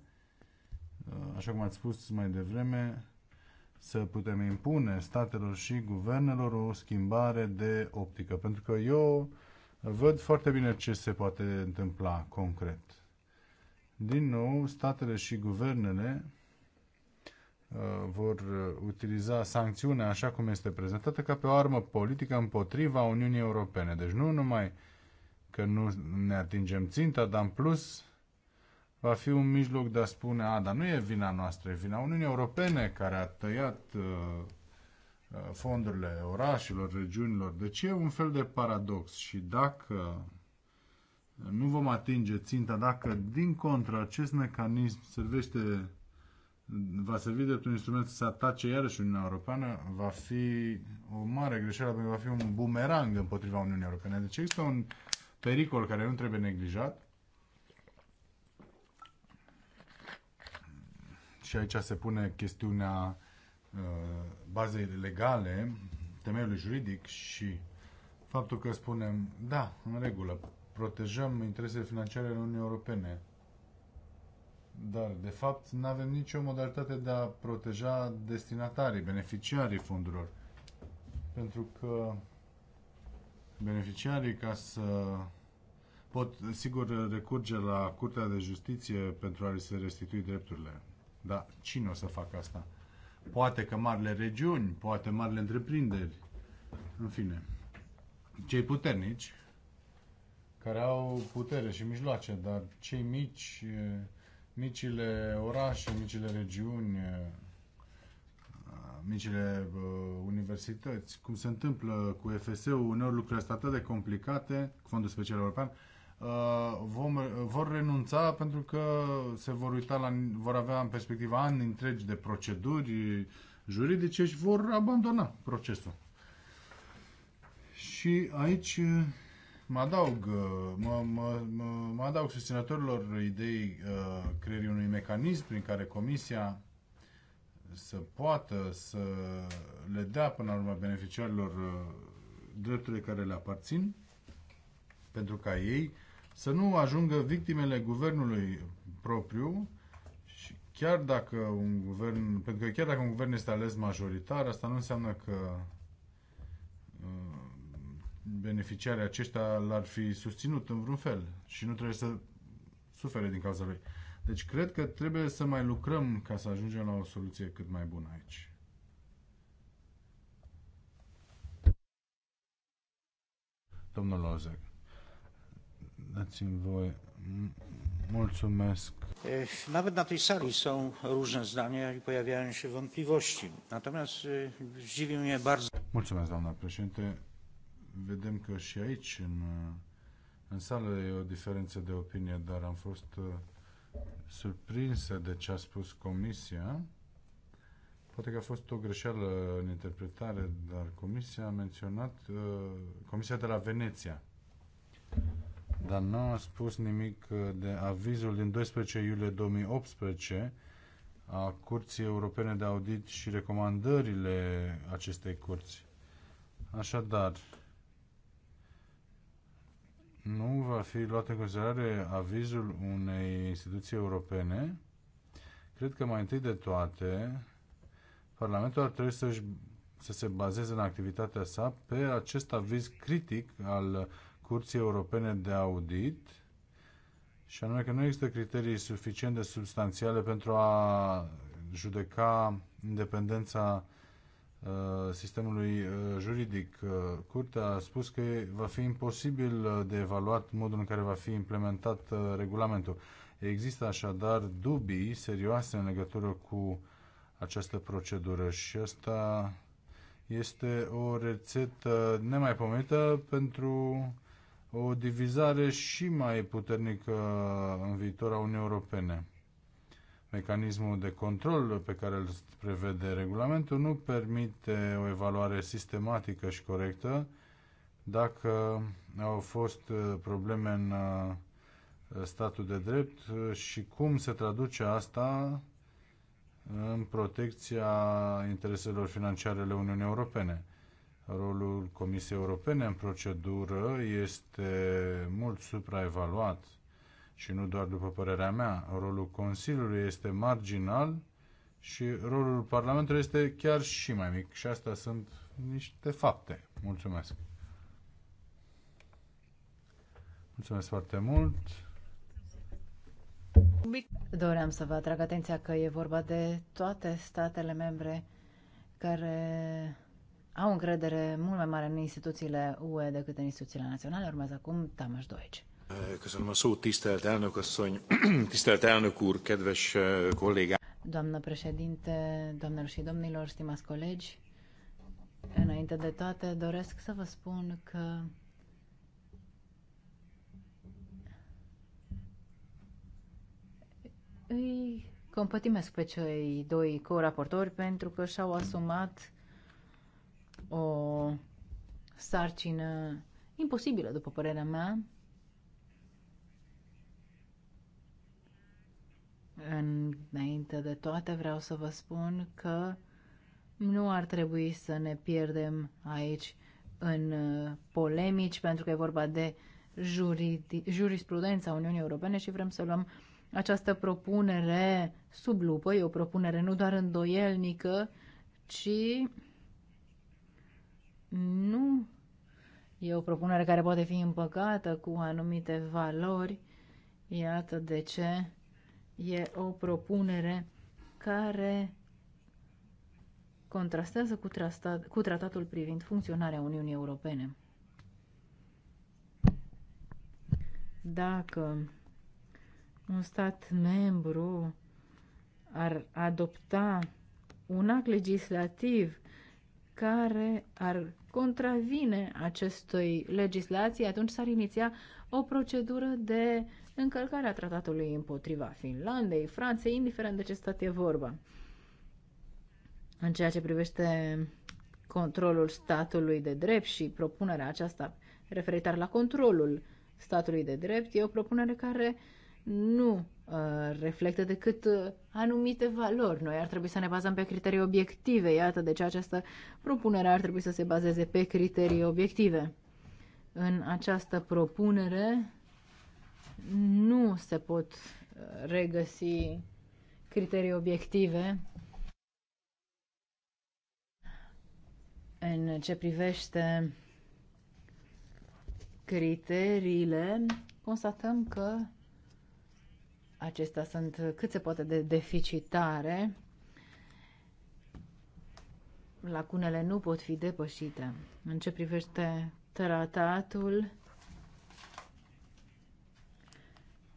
uh, așa cum ați spus mai devreme, să putem impune statelor și guvernelor o schimbare de optică. Pentru că eu văd foarte bine ce se poate întâmpla concret. Din nou, statele și guvernele Uh, vor uh, utiliza sancțiunea așa cum este prezentată ca pe o armă politică împotriva Uniunii Europene. Deci nu numai că nu ne atingem ținta, dar în plus va fi un mijloc de a spune, a, dar nu e vina noastră, e vina Uniunii Europene care a tăiat uh, uh fondurile orașelor, regiunilor. Deci e un fel de paradox și dacă nu vom atinge ținta, dacă din contră acest mecanism servește va servi de un instrument să atace iarăși Uniunea Europeană, va fi o mare greșeală pentru că va fi un bumerang împotriva Uniunii Europene. Deci există un pericol care nu trebuie neglijat și aici se pune chestiunea uh, bazei legale, temeiului juridic și faptul că spunem, da, în regulă, protejăm interesele financiare ale Uniunii Europene, dar, de fapt, nu avem nicio modalitate de a proteja destinatarii, beneficiarii fondurilor. Pentru că beneficiarii, ca să pot, sigur, recurge la Curtea de Justiție pentru a i se restitui drepturile. Dar cine o să facă asta? Poate că marile regiuni, poate marile întreprinderi, în fine. Cei puternici, care au putere și mijloace, dar cei mici, micile orașe, micile regiuni, eh, micile eh, universități, cum se întâmplă cu FSU, uneori lucrurile sunt atât de complicate, cu Fondul Special European, eh, vom, vor renunța pentru că se vor uita la, vor avea în perspectivă ani întregi de proceduri juridice și vor abandona procesul. Și aici Mă adaug, uh, mă, mă, mă adaug susținătorilor ideii uh, creierii unui mecanism prin care Comisia să poată să le dea până la urmă beneficiarilor uh, drepturile care le aparțin pentru ca ei să nu ajungă victimele guvernului propriu și chiar dacă un guvern, pentru că chiar dacă un guvern este ales majoritar, asta nu înseamnă că uh, beneficiarii aceștia l-ar fi susținut în vreun fel și nu trebuie să sufere din cauza lui. Deci cred că trebuie să mai lucrăm ca să ajungem la o soluție cât mai bună aici. Domnul Lozec, dați-mi voi... Mulțumesc. Nawet na tej sali są różne zdania i pojawiają się wątpliwości. Natomiast zdziwi mnie bardzo... Mulțumesc, doamna președinte vedem că și aici, în, uh, în sală, e o diferență de opinie, dar am fost uh, surprinsă de ce a spus Comisia. Poate că a fost o greșeală în interpretare, dar Comisia a menționat uh, Comisia de la Veneția. Dar nu a spus nimic de avizul din 12 iulie 2018 a Curții Europene de Audit și recomandările acestei curți. Așadar, nu va fi luat în considerare avizul unei instituții europene, cred că mai întâi de toate, Parlamentul ar trebui să, să se bazeze în activitatea sa pe acest aviz critic al Curții Europene de Audit, și anume că nu există criterii suficient de substanțiale pentru a judeca independența Uh, sistemului uh, juridic. Uh, curtea a spus că va fi imposibil de evaluat modul în care va fi implementat regulamentul. Există așadar dubii serioase în legătură cu această procedură și asta este o rețetă nemaipomenită pentru o divizare și mai puternică în viitor a Uniunii Europene mecanismul de control pe care îl prevede regulamentul nu permite o evaluare sistematică și corectă dacă au fost uh, probleme în uh, statul de drept uh, și cum se traduce asta în protecția intereselor financiare ale Uniunii Europene. Rolul Comisiei Europene în procedură este mult supraevaluat și nu doar după părerea mea. Rolul Consiliului este marginal și rolul Parlamentului este chiar și mai mic. Și astea sunt niște fapte. Mulțumesc. Mulțumesc foarte mult. Doream să vă atrag atenția că e vorba de toate statele membre care au încredere mult mai mare în instituțiile UE decât în instituțiile naționale. Urmează acum Tamaș Doici. Köszönöm a szót, tisztelt elnök asszony, tisztelt elnök úr, kedves eh, kollégák! Doamnă președinte, doamnelor și domnilor, stimați colegi, înainte de toate doresc să vă spun că îi compătimesc pe cei doi co-raportori pentru că și-au asumat o sarcină imposibilă, după părerea mea, Înainte de toate vreau să vă spun că nu ar trebui să ne pierdem aici în uh, polemici, pentru că e vorba de jurisprudența Uniunii Europene și vrem să luăm această propunere sub lupă, e o propunere nu doar îndoielnică, ci nu e o propunere care poate fi împăcată cu anumite valori. Iată de ce E o propunere care contrastează cu, trastat, cu tratatul privind funcționarea Uniunii Europene. Dacă un stat membru ar adopta un act legislativ care ar contravine acestui legislații, atunci s-ar iniția o procedură de încălcare a tratatului împotriva Finlandei, Franței, indiferent de ce stat e vorba. În ceea ce privește controlul statului de drept și propunerea aceasta referitor la controlul statului de drept, e o propunere care uh, nu uh, reflectă decât uh, anumite valori. Noi ar trebui să ne bazăm pe criterii obiective. Iată de ce această propunere ar trebui să se bazeze pe criterii obiective. În această propunere nu se pot uh, regăsi criterii obiective în ce privește criteriile, constatăm că acestea sunt cât se poate de deficitare, lacunele nu pot fi depășite. În ce privește tratatul,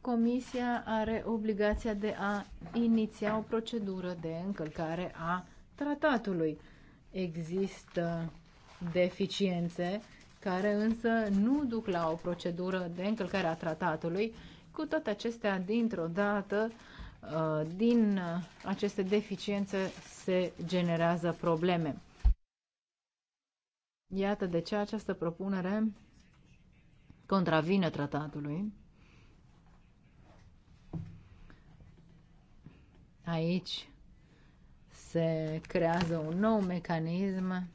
Comisia are obligația de a iniția o procedură de încălcare a tratatului. Există deficiențe care însă nu duc la o procedură de încălcare a tratatului, cu toate acestea, dintr-o dată, uh, din aceste deficiențe se generează probleme. Iată de ce această propunere contravine tratatului. Aici se creează un nou mecanism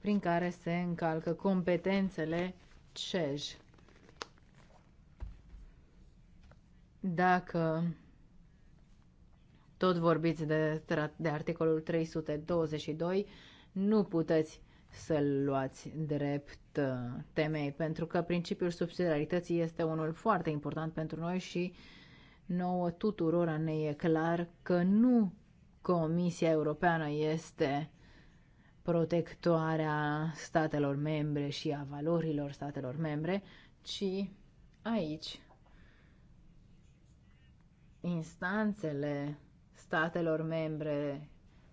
prin care se încalcă competențele CEJ. Dacă tot vorbiți de, de articolul 322, nu puteți să-l luați drept uh, temei, pentru că principiul subsidiarității este unul foarte important pentru noi și nouă tuturora ne e clar că nu Comisia Europeană este protectoarea statelor membre și a valorilor statelor membre, ci aici instanțele statelor membre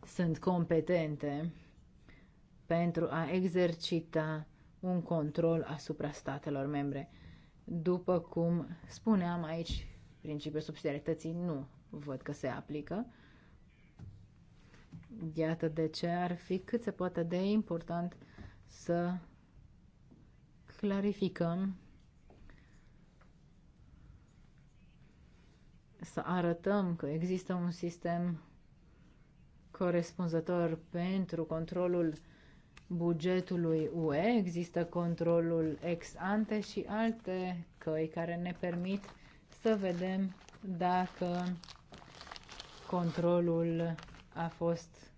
sunt competente pentru a exercita un control asupra statelor membre. După cum spuneam aici, principiul subsidiarității nu văd că se aplică. Iată de ce ar fi cât se poate de important să clarificăm, să arătăm că există un sistem corespunzător pentru controlul bugetului UE, există controlul ex ante și alte căi care ne permit să vedem dacă controlul a fost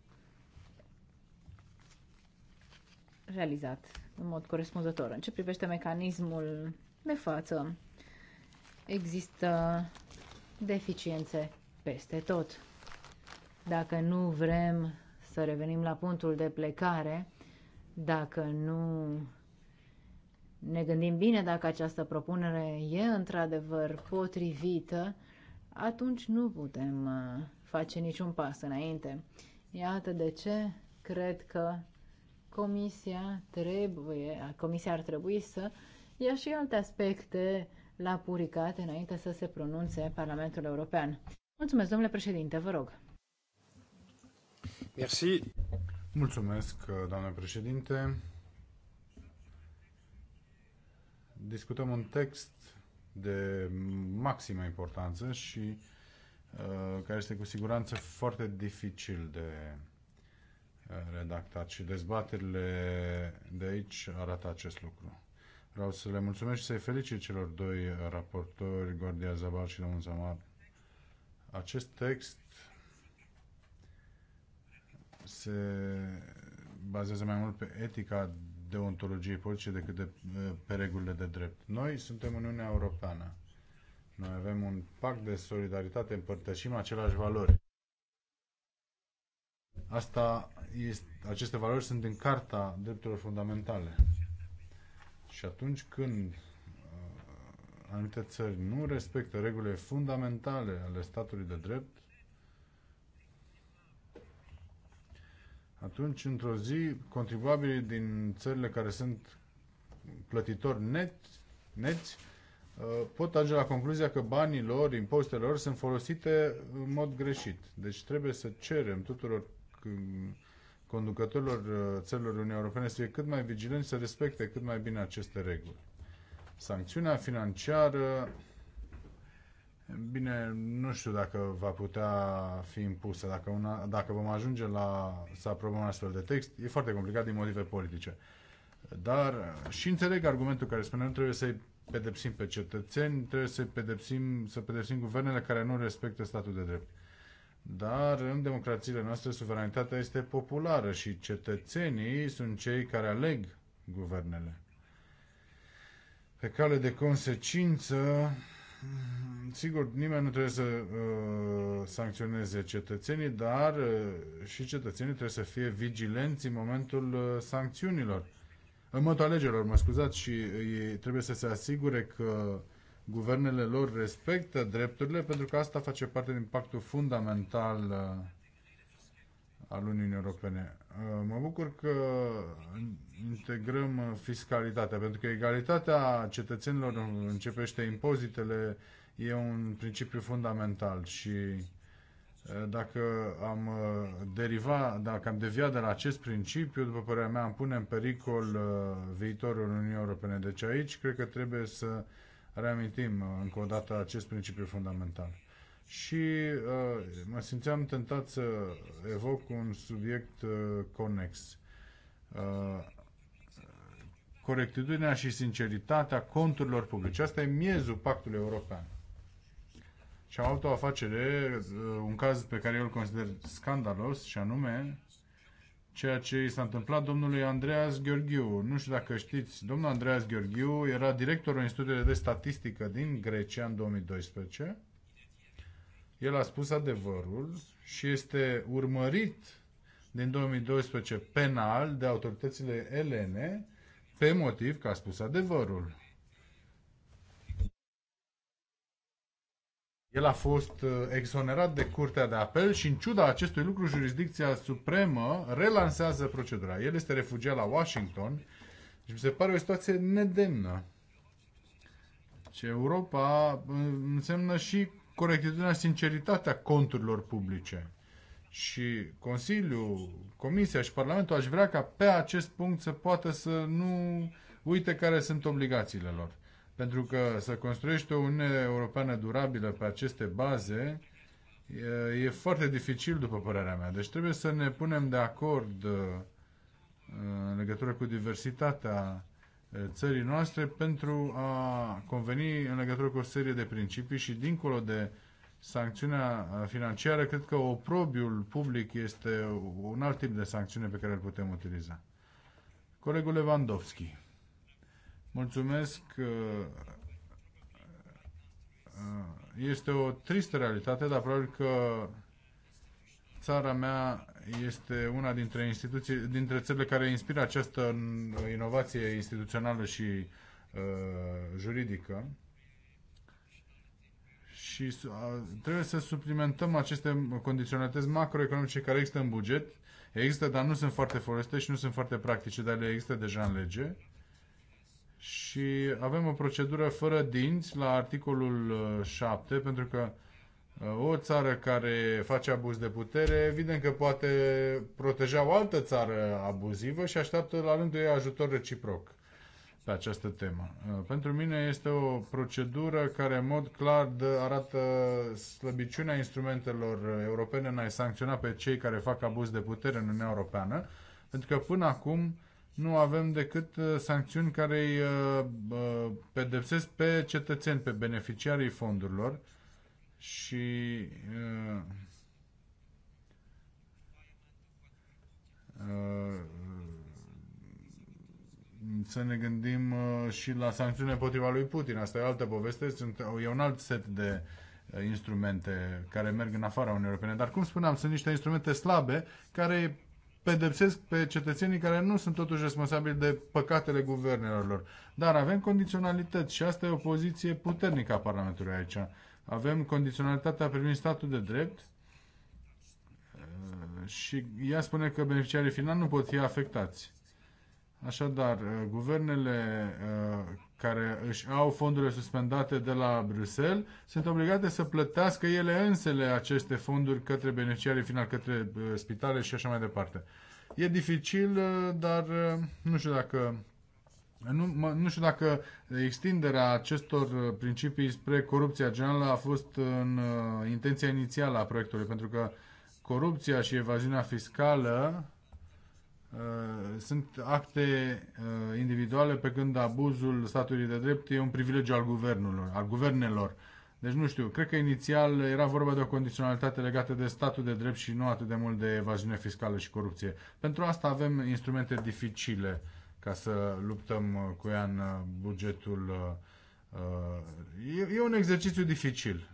realizat în mod corespunzător. În ce privește mecanismul de față, există deficiențe peste tot. Dacă nu vrem să revenim la punctul de plecare, dacă nu ne gândim bine dacă această propunere e într-adevăr potrivită, atunci nu putem uh, face niciun pas înainte. Iată de ce cred că comisia trebuie, comisia ar trebui să ia și alte aspecte la puricat înainte să se pronunțe Parlamentul European. Mulțumesc, domnule președinte, vă rog. Merci. Mulțumesc, doamne președinte. Discutăm un text de maximă importanță și Uh, care este cu siguranță foarte dificil de uh, redactat și dezbaterile de aici arată acest lucru. Vreau să le mulțumesc și să-i felicit celor doi raportori, Gordia Zabar și domnul Zamar. Acest text se bazează mai mult pe etica deontologiei politice decât de, pe regulile de drept. Noi suntem Uniunea Europeană noi avem un pact de solidaritate, împărtășim aceleași valori. Asta este, aceste valori sunt în Carta Drepturilor Fundamentale. Și atunci când uh, anumite țări nu respectă regulile fundamentale ale statului de drept, atunci, într-o zi, contribuabilii din țările care sunt plătitori net, neți Uh, pot ajunge la concluzia că banii lor, impozitele lor sunt folosite în mod greșit. Deci trebuie să cerem tuturor conducătorilor uh, țărilor Uniunii Europene să fie cât mai vigilenți, să respecte cât mai bine aceste reguli. Sancțiunea financiară, bine, nu știu dacă va putea fi impusă, dacă, una, dacă vom ajunge la să aprobăm astfel de text, e foarte complicat din motive politice. Dar și înțeleg argumentul care spune, nu trebuie să-i pedepsim pe cetățeni, trebuie să pedepsim, să pedepsim guvernele care nu respectă statul de drept. Dar în democrațiile noastre suveranitatea este populară și cetățenii sunt cei care aleg guvernele. Pe cale de consecință, sigur, nimeni nu trebuie să uh, sancționeze cetățenii, dar uh, și cetățenii trebuie să fie vigilenți în momentul uh, sancțiunilor în modul alegerilor, mă scuzați, și ei trebuie să se asigure că guvernele lor respectă drepturile, pentru că asta face parte din pactul fundamental uh, al Uniunii Europene. Uh, mă bucur că integrăm uh, fiscalitatea, pentru că egalitatea cetățenilor începește impozitele, e un principiu fundamental și Eh, dacă am eh, deriva, dacă am deviat de la acest principiu, după părerea mea, am pune în pericol eh, viitorul Uniunii Europene. Deci aici cred că trebuie să reamintim încă o dată acest principiu fundamental. Și uh, mă simțeam tentat să evoc un subiect uh, conex. Uh, corectitudinea și sinceritatea conturilor publice. Asta e miezul pactului european și am avut o afacere, uh, un caz pe care eu îl consider scandalos, și anume ceea ce i s-a întâmplat domnului Andreas Gheorghiu. Nu știu dacă știți, domnul Andreas Gheorghiu era directorul Institutului de Statistică din Grecia în 2012. El a spus adevărul și este urmărit din 2012 penal de autoritățile elene pe motiv că a spus adevărul. El a fost uh, exonerat de Curtea de Apel și, în ciuda acestui lucru, jurisdicția supremă relansează procedura. El este refugiat la Washington și mi se pare o situație nedemnă. Și Europa uh, înseamnă și corectitudinea și sinceritatea conturilor publice. Și Consiliul, Comisia și Parlamentul aș vrea ca pe acest punct să poată să nu uite care sunt obligațiile lor. Pentru că să construiești o Uniune Europeană durabilă pe aceste baze e foarte dificil, după părerea mea. Deci trebuie să ne punem de acord uh, în legătură cu diversitatea uh, țării noastre pentru a conveni în legătură cu o serie de principii și dincolo de sancțiunea uh, financiară, cred că oprobiul public este un alt tip de sancțiune pe care îl putem utiliza. Colegul Lewandowski. Mulțumesc. Uh, uh, este o tristă realitate, dar probabil că țara mea este una dintre instituții, dintre țările care inspiră această uh, inovație instituțională și uh, juridică. Și uh, trebuie să suplimentăm aceste condiționalități macroeconomice care există în buget. Există, dar nu sunt foarte folosite și nu sunt foarte practice, dar le există deja în lege și avem o procedură fără dinți la articolul 7, uh, pentru că uh, o țară care face abuz de putere, evident că poate proteja o altă țară abuzivă și așteaptă la rândul ei ajutor reciproc pe această temă. Uh, pentru mine este o procedură care în mod clar arată slăbiciunea instrumentelor europene în a sancționa pe cei care fac abuz de putere în Uniunea Europeană, pentru că până acum nu avem decât uh, sancțiuni care îi uh, pedepsesc pe cetățeni, pe beneficiarii fondurilor și uh, să ne gândim și la sancțiune potriva lui Putin. Asta e o altă poveste, sunt, e un alt set de instrumente care merg în afara Uniunii Europene. Dar, cum spuneam, sunt niște instrumente slabe care pedepsesc pe cetățenii care nu sunt totuși responsabili de păcatele guvernelor lor. Dar avem condiționalități și asta e o poziție puternică a Parlamentului aici. Avem condiționalitatea privind statul de drept uh, și ea spune că beneficiarii finali nu pot fi afectați. Așadar, uh, guvernele uh, care își au fondurile suspendate de la Bruxelles sunt obligate să plătească ele însele aceste fonduri către beneficiarii final, către uh, spitale și așa mai departe. E dificil, uh, dar uh, nu știu dacă nu, mă, nu știu dacă extinderea acestor principii spre corupția generală a fost în intenția inițială a proiectului, pentru că corupția și evaziunea fiscală Uh, sunt acte uh, individuale, pe când abuzul statului de drept e un privilegiu al guvernului, al guvernelor. Deci nu știu, cred că inițial era vorba de o condiționalitate legată de statul de drept și nu atât de mult de evaziune fiscală și corupție. Pentru asta avem instrumente dificile ca să luptăm uh, cu ea în bugetul. E, e un exercițiu dificil,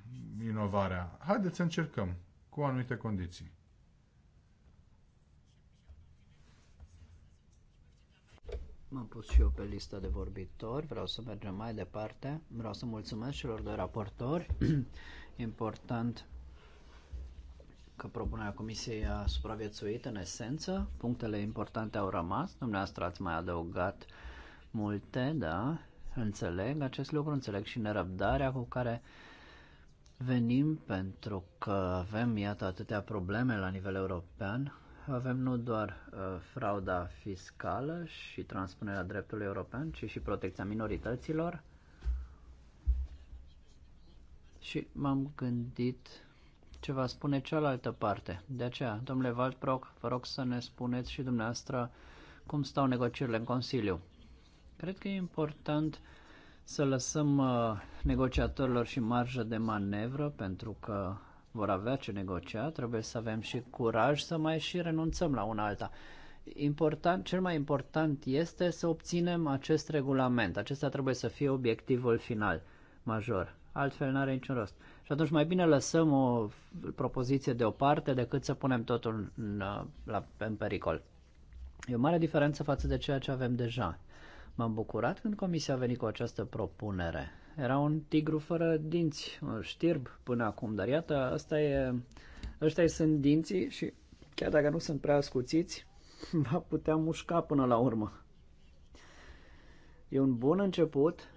inovarea. Haideți să încercăm cu anumite condiții. M-am pus și eu pe lista de vorbitori, vreau să mergem mai departe. Vreau să mulțumesc celor doi raportori. Important că propunerea comisiei a supraviețuit în esență, punctele importante au rămas, dumneavoastră ați mai adăugat multe, da, înțeleg acest lucru, înțeleg și nerăbdarea cu care venim pentru că avem, iată, atâtea probleme la nivel european, avem nu doar uh, frauda fiscală și transpunerea dreptului european, ci și protecția minorităților. Și m-am gândit ce va spune cealaltă parte. De aceea, domnule Valtproc, vă rog să ne spuneți și dumneavoastră cum stau negocierile în Consiliu. Cred că e important să lăsăm uh, negociatorilor și marjă de manevră, pentru că vor avea ce negocia, trebuie să avem și curaj să mai și renunțăm la una alta. Important, cel mai important este să obținem acest regulament. Acesta trebuie să fie obiectivul final major. Altfel nu are niciun rost. Și atunci mai bine lăsăm o propoziție deoparte decât să punem totul în, uh, la, în pericol. E o mare diferență față de ceea ce avem deja. M-am bucurat când Comisia a venit cu această propunere. Era un tigru fără dinți, un știrb până acum, dar iată, asta e, ăștia sunt dinții și chiar dacă nu sunt prea ascuțiți, va putea mușca până la urmă. E un bun început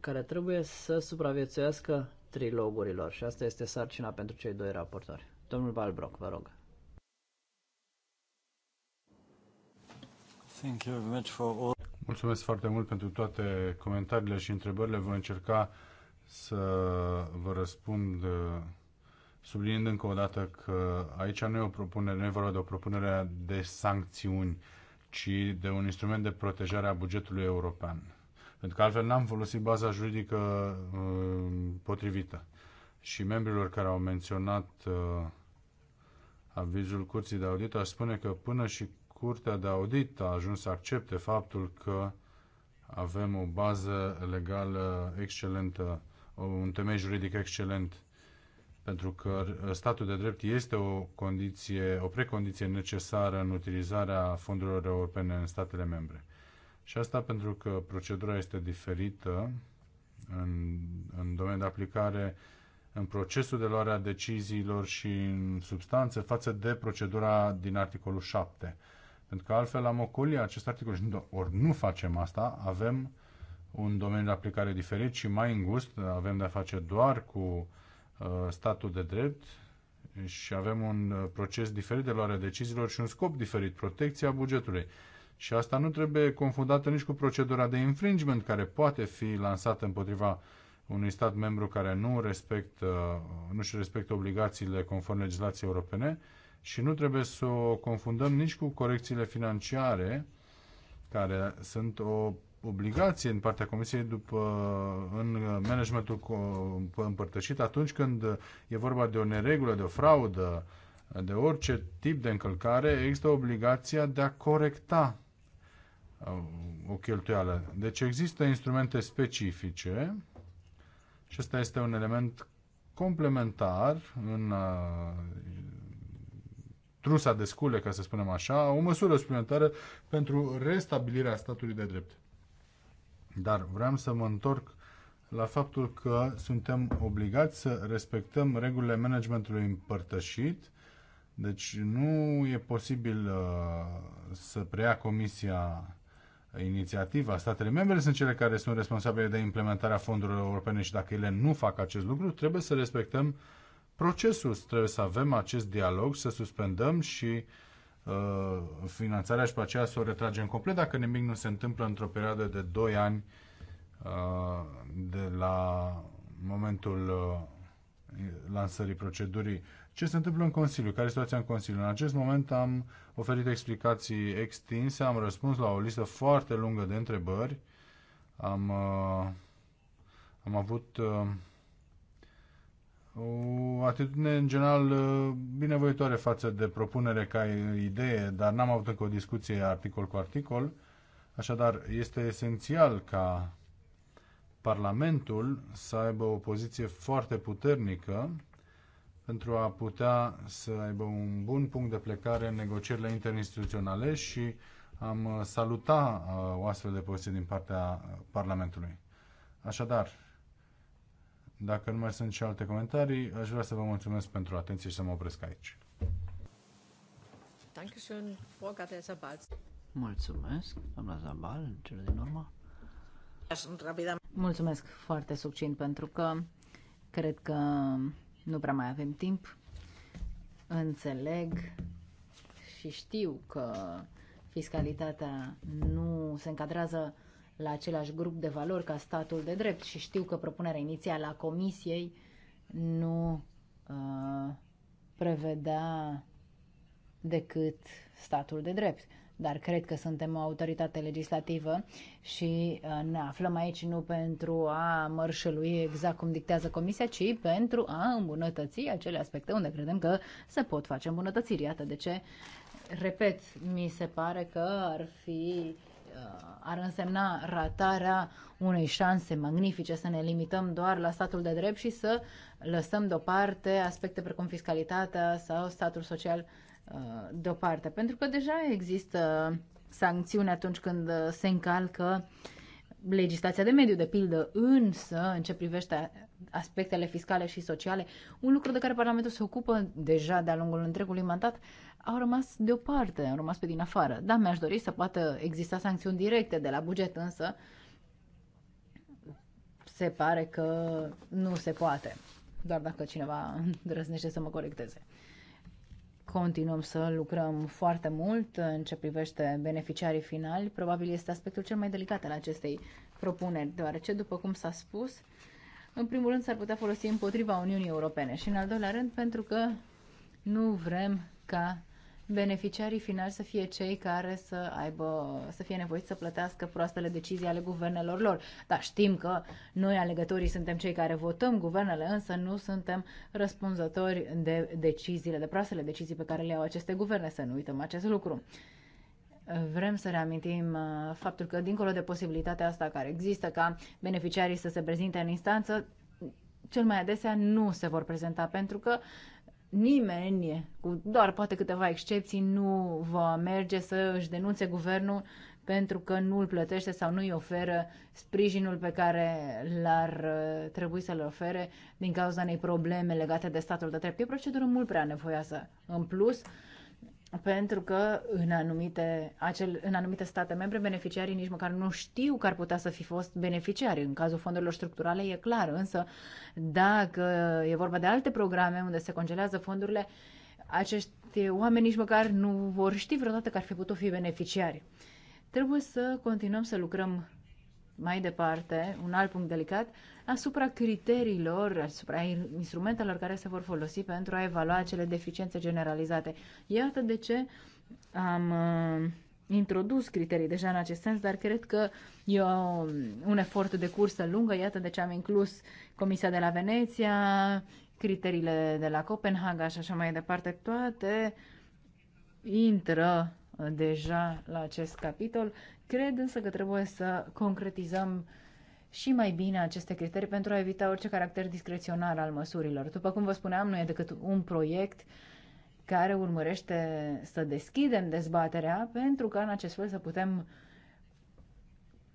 care trebuie să supraviețuiască trilogurilor și asta este sarcina pentru cei doi raportori. Domnul Balbroc, vă rog. Thank you very much for all Mulțumesc foarte mult pentru toate comentariile și întrebările. Voi încerca să vă răspund uh, subliniind încă o dată că aici nu e o propunere, nu e vorba de o propunere de sancțiuni, ci de un instrument de protejare a bugetului european. Pentru că altfel n-am folosit baza juridică uh, potrivită. Și membrilor care au menționat uh, avizul curții de audit, aș spune că până și Curtea de Audit a ajuns să accepte faptul că avem o bază legală excelentă, un temei juridic excelent, pentru că uh, statul de drept este o condiție, o precondiție necesară în utilizarea fondurilor europene în statele membre. Și asta pentru că procedura este diferită în, în domeniul de aplicare, în procesul de luare a deciziilor și în substanță față de procedura din articolul 7 pentru că altfel am ocoli acest articol și ori nu facem asta, avem un domeniu de aplicare diferit și mai îngust, avem de-a face doar cu uh, statul de drept și avem un uh, proces diferit de luare deciziilor și un scop diferit, protecția bugetului. Și asta nu trebuie confundată nici cu procedura de infringement care poate fi lansată împotriva unui stat membru care nu respectă, uh, nu-și respectă obligațiile conform legislației europene, și nu trebuie să o confundăm nici cu corecțiile financiare, care sunt o obligație în partea Comisiei după, în managementul împărtășit atunci când e vorba de o neregulă, de o fraudă, de orice tip de încălcare, există obligația de a corecta uh, o cheltuială. Deci există instrumente specifice și ăsta este un element complementar în uh, trusa de scule, ca să spunem așa, o măsură suplimentară pentru restabilirea statului de drept. Dar vreau să mă întorc la faptul că suntem obligați să respectăm regulile managementului împărtășit, deci nu e posibil uh, să preia Comisia inițiativa. Statele membre sunt cele care sunt responsabile de implementarea fondurilor europene și dacă ele nu fac acest lucru, trebuie să respectăm uh, procesul. Trebuie să avem acest dialog, să suspendăm și uh, finanțarea și pe aceea să o retragem complet dacă nimic nu se întâmplă într-o perioadă de 2 ani uh, de la momentul uh, lansării procedurii. Ce se întâmplă în Consiliu? Care e situația în Consiliu? În acest moment am oferit explicații extinse, am răspuns la o listă foarte lungă de întrebări, am, uh, am avut uh, o atitudine în general uh, binevoitoare față de propunere ca idee, dar n-am avut încă o discuție articol cu articol. Așadar, este esențial ca Parlamentul să aibă o poziție foarte puternică pentru a putea să aibă un bun punct de plecare în negocierile interinstituționale și am saluta uh, o astfel de poziție din partea Parlamentului. Așadar, dacă nu mai sunt și alte comentarii, aș vrea să vă mulțumesc pentru atenție și să mă opresc aici. Mulțumesc, doamna Zabal, în cele din urmă. Mulțumesc foarte succint pentru că cred că nu prea mai avem timp. Înțeleg și știu că fiscalitatea nu se încadrează la același grup de valori ca statul de drept și știu că propunerea inițială a comisiei nu uh, prevedea decât statul de drept. Dar cred că suntem o autoritate legislativă și uh, ne aflăm aici nu pentru a mărșălui exact cum dictează comisia, ci pentru a îmbunătăți acele aspecte unde credem că se pot face îmbunătățiri. Iată de ce, repet, mi se pare că ar fi Uh, ar însemna ratarea unei șanse magnifice să ne limităm doar la statul de drept și să lăsăm deoparte aspecte precum fiscalitatea sau statul social uh, deoparte. Pentru că deja există sancțiuni atunci când uh, se încalcă legislația de mediu, de pildă, însă în ce privește aspectele fiscale și sociale, un lucru de care Parlamentul se ocupă deja de-a lungul întregului mandat, au rămas deoparte, au rămas pe din afară. Da, mi-aș dori să poată exista sancțiuni directe de la buget, însă se pare că nu se poate, doar dacă cineva îndrăznește să mă corecteze. Continuăm să lucrăm foarte mult în ce privește beneficiarii finali. Probabil este aspectul cel mai delicat al acestei propuneri, deoarece, după cum s-a spus, în primul rând, s-ar putea folosi împotriva Uniunii Europene și, în al doilea rând, pentru că nu vrem ca beneficiarii finali să fie cei care să aibă, să fie nevoiți să plătească proastele decizii ale guvernelor lor. Dar știm că noi, alegătorii, suntem cei care votăm guvernele, însă nu suntem răspunzători de deciziile, de proastele decizii pe care le au aceste guverne, să nu uităm acest lucru. Vrem să reamintim uh, faptul că, dincolo de posibilitatea asta care există ca beneficiarii să se prezinte în instanță, cel mai adesea nu se vor prezenta pentru că nimeni, cu doar poate câteva excepții, nu va merge să își denunțe guvernul pentru că nu îl plătește sau nu îi oferă sprijinul pe care l-ar uh, trebui să-l ofere din cauza unei probleme legate de statul de drept. E o procedură mult prea nevoioasă. În plus, pentru că în anumite, acel, în anumite state membre beneficiarii nici măcar nu știu că ar putea să fi fost beneficiari. În cazul fondurilor structurale e clar, însă dacă e vorba de alte programe unde se congelează fondurile, acești oameni nici măcar nu vor ști vreodată că ar fi putut fi beneficiari. Trebuie să continuăm să lucrăm mai departe, un alt punct delicat, asupra criteriilor, asupra instrumentelor care se vor folosi pentru a evalua acele deficiențe generalizate. Iată de ce am uh, introdus criterii deja în acest sens, dar cred că e o, un efort de cursă lungă. Iată de ce am inclus Comisia de la Veneția, criteriile de la Copenhaga și așa mai departe. Toate intră deja la acest capitol. Cred însă că trebuie să concretizăm și mai bine aceste criterii pentru a evita orice caracter discreționar al măsurilor. După cum vă spuneam, nu e decât un proiect care urmărește să deschidem dezbaterea pentru ca în acest fel să putem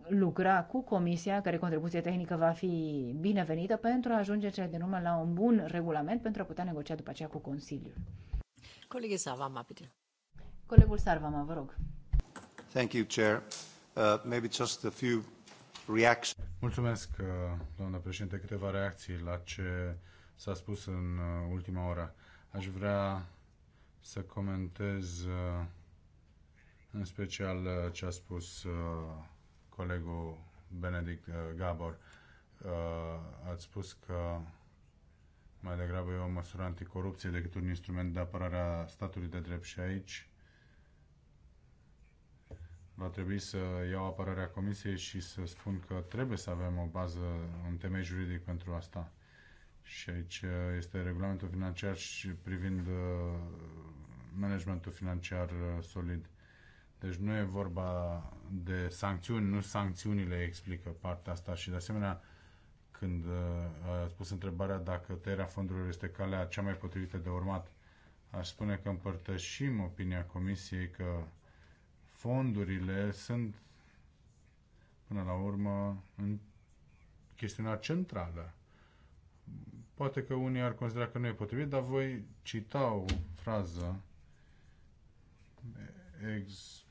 lucra cu comisia, care contribuție tehnică va fi binevenită, pentru a ajunge cele din urmă la un bun regulament pentru a putea negocia după aceea cu Consiliul. Colegii Savama, bine. Colegul Sarvama, vă rog. Thank you, Chair. Uh, maybe just a few reactions. Mulțumesc, uh, doamna președinte, câteva reacții la ce s-a spus în uh, ultima oră. Aș vrea să comentez uh, în special ce a spus colegul Benedict Gabor. Ați spus că mai degrabă e o măsură anticorupție decât un instrument de apărare a statului de drept și aici va trebui să iau apărarea Comisiei și să spun că trebuie să avem o bază, un temei juridic pentru asta. Și aici uh, este regulamentul financiar și privind uh, managementul financiar uh, solid. Deci nu e vorba de sancțiuni, nu sancțiunile explică partea asta și de asemenea când a spus întrebarea dacă tăierea fondurilor este calea cea mai potrivită de urmat, aș spune că împărtășim opinia Comisiei că fondurile sunt, până la urmă, în chestiunea centrală. Poate că unii ar considera că nu e potrivit, dar voi cita o frază ex,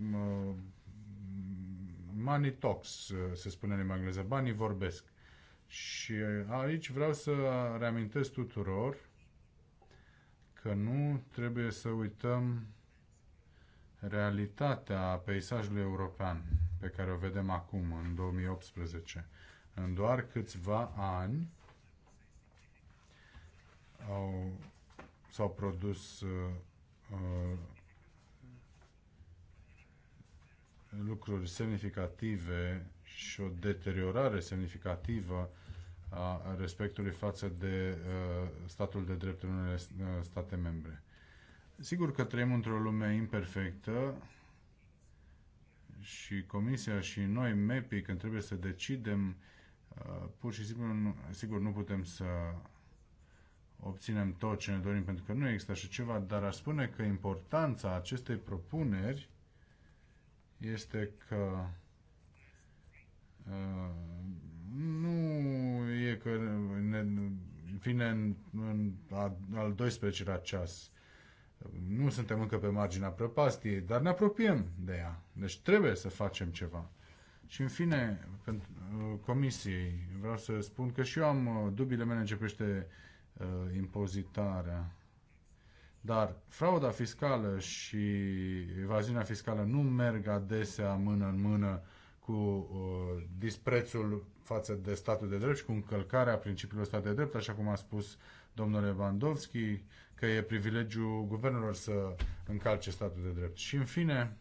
money talks, se spune în limba engleză, banii vorbesc. Și aici vreau să reamintesc tuturor că nu trebuie să uităm realitatea peisajului european pe care o vedem acum, în 2018. În doar câțiva ani au, s-au produs uh, uh, lucruri semnificative și o deteriorare semnificativă a respectului față de uh, statul de drept în unele uh, state membre. Sigur că trăim într-o lume imperfectă și Comisia și noi, MEPI, când trebuie să decidem, uh, pur și simplu, sigur, nu putem să obținem tot ce ne dorim, pentru că nu există așa ceva, dar aș spune că importanța acestei propuneri este că uh, nu e că ne vine în, în al 12-lea ceas nu suntem încă pe marginea prăpastiei, dar ne apropiem de ea. Deci trebuie să facem ceva. Și în fine, pentru uh, comisiei, vreau să spun că și eu am uh, dubile mele începește uh, impozitarea. Dar frauda fiscală și evaziunea fiscală nu merg adesea mână în mână cu uh, disprețul față de statul de drept și cu încălcarea principiilor statului de drept, așa cum a spus domnul Lewandowski, că e privilegiul guvernelor să încalce statul de drept. Și în fine,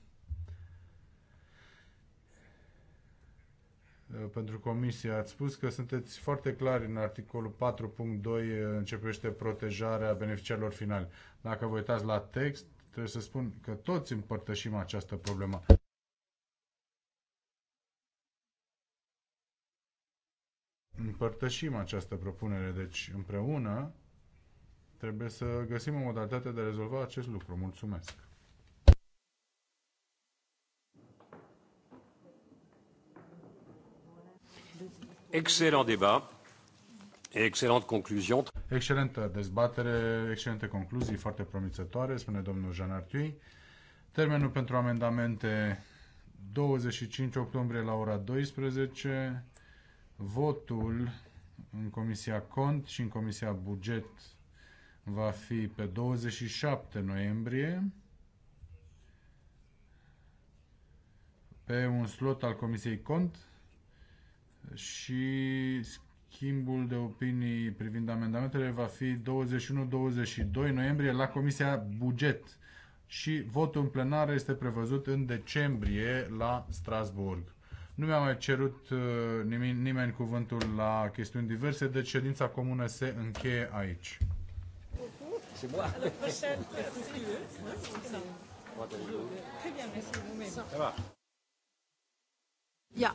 pentru comisie. Ați spus că sunteți foarte clari în articolul 4.2 începește protejarea beneficiarilor finali. Dacă vă uitați la text, trebuie să spun că toți împărtășim această problemă. Împărtășim această propunere, deci împreună Trebuie să găsim o modalitate de a rezolva acest lucru. Mulțumesc! Excelent debat, Excelentă concluzion. Excelentă dezbatere, excelente concluzii, foarte promițătoare, spune domnul Jean Artui. Termenul pentru amendamente 25 octombrie la ora 12, votul în Comisia Cont și în Comisia Buget va fi pe 27 noiembrie pe un slot al Comisiei Cont și schimbul de opinii privind amendamentele va fi 21-22 noiembrie la Comisia Buget și votul în plenar este prevăzut în decembrie la Strasburg. Nu mi-a mai cerut uh, nimeni, nimeni cuvântul la chestiuni diverse, deci ședința comună se încheie aici chez moi. À la prochaine. Merci. Très bien, merci Ça va. Ja.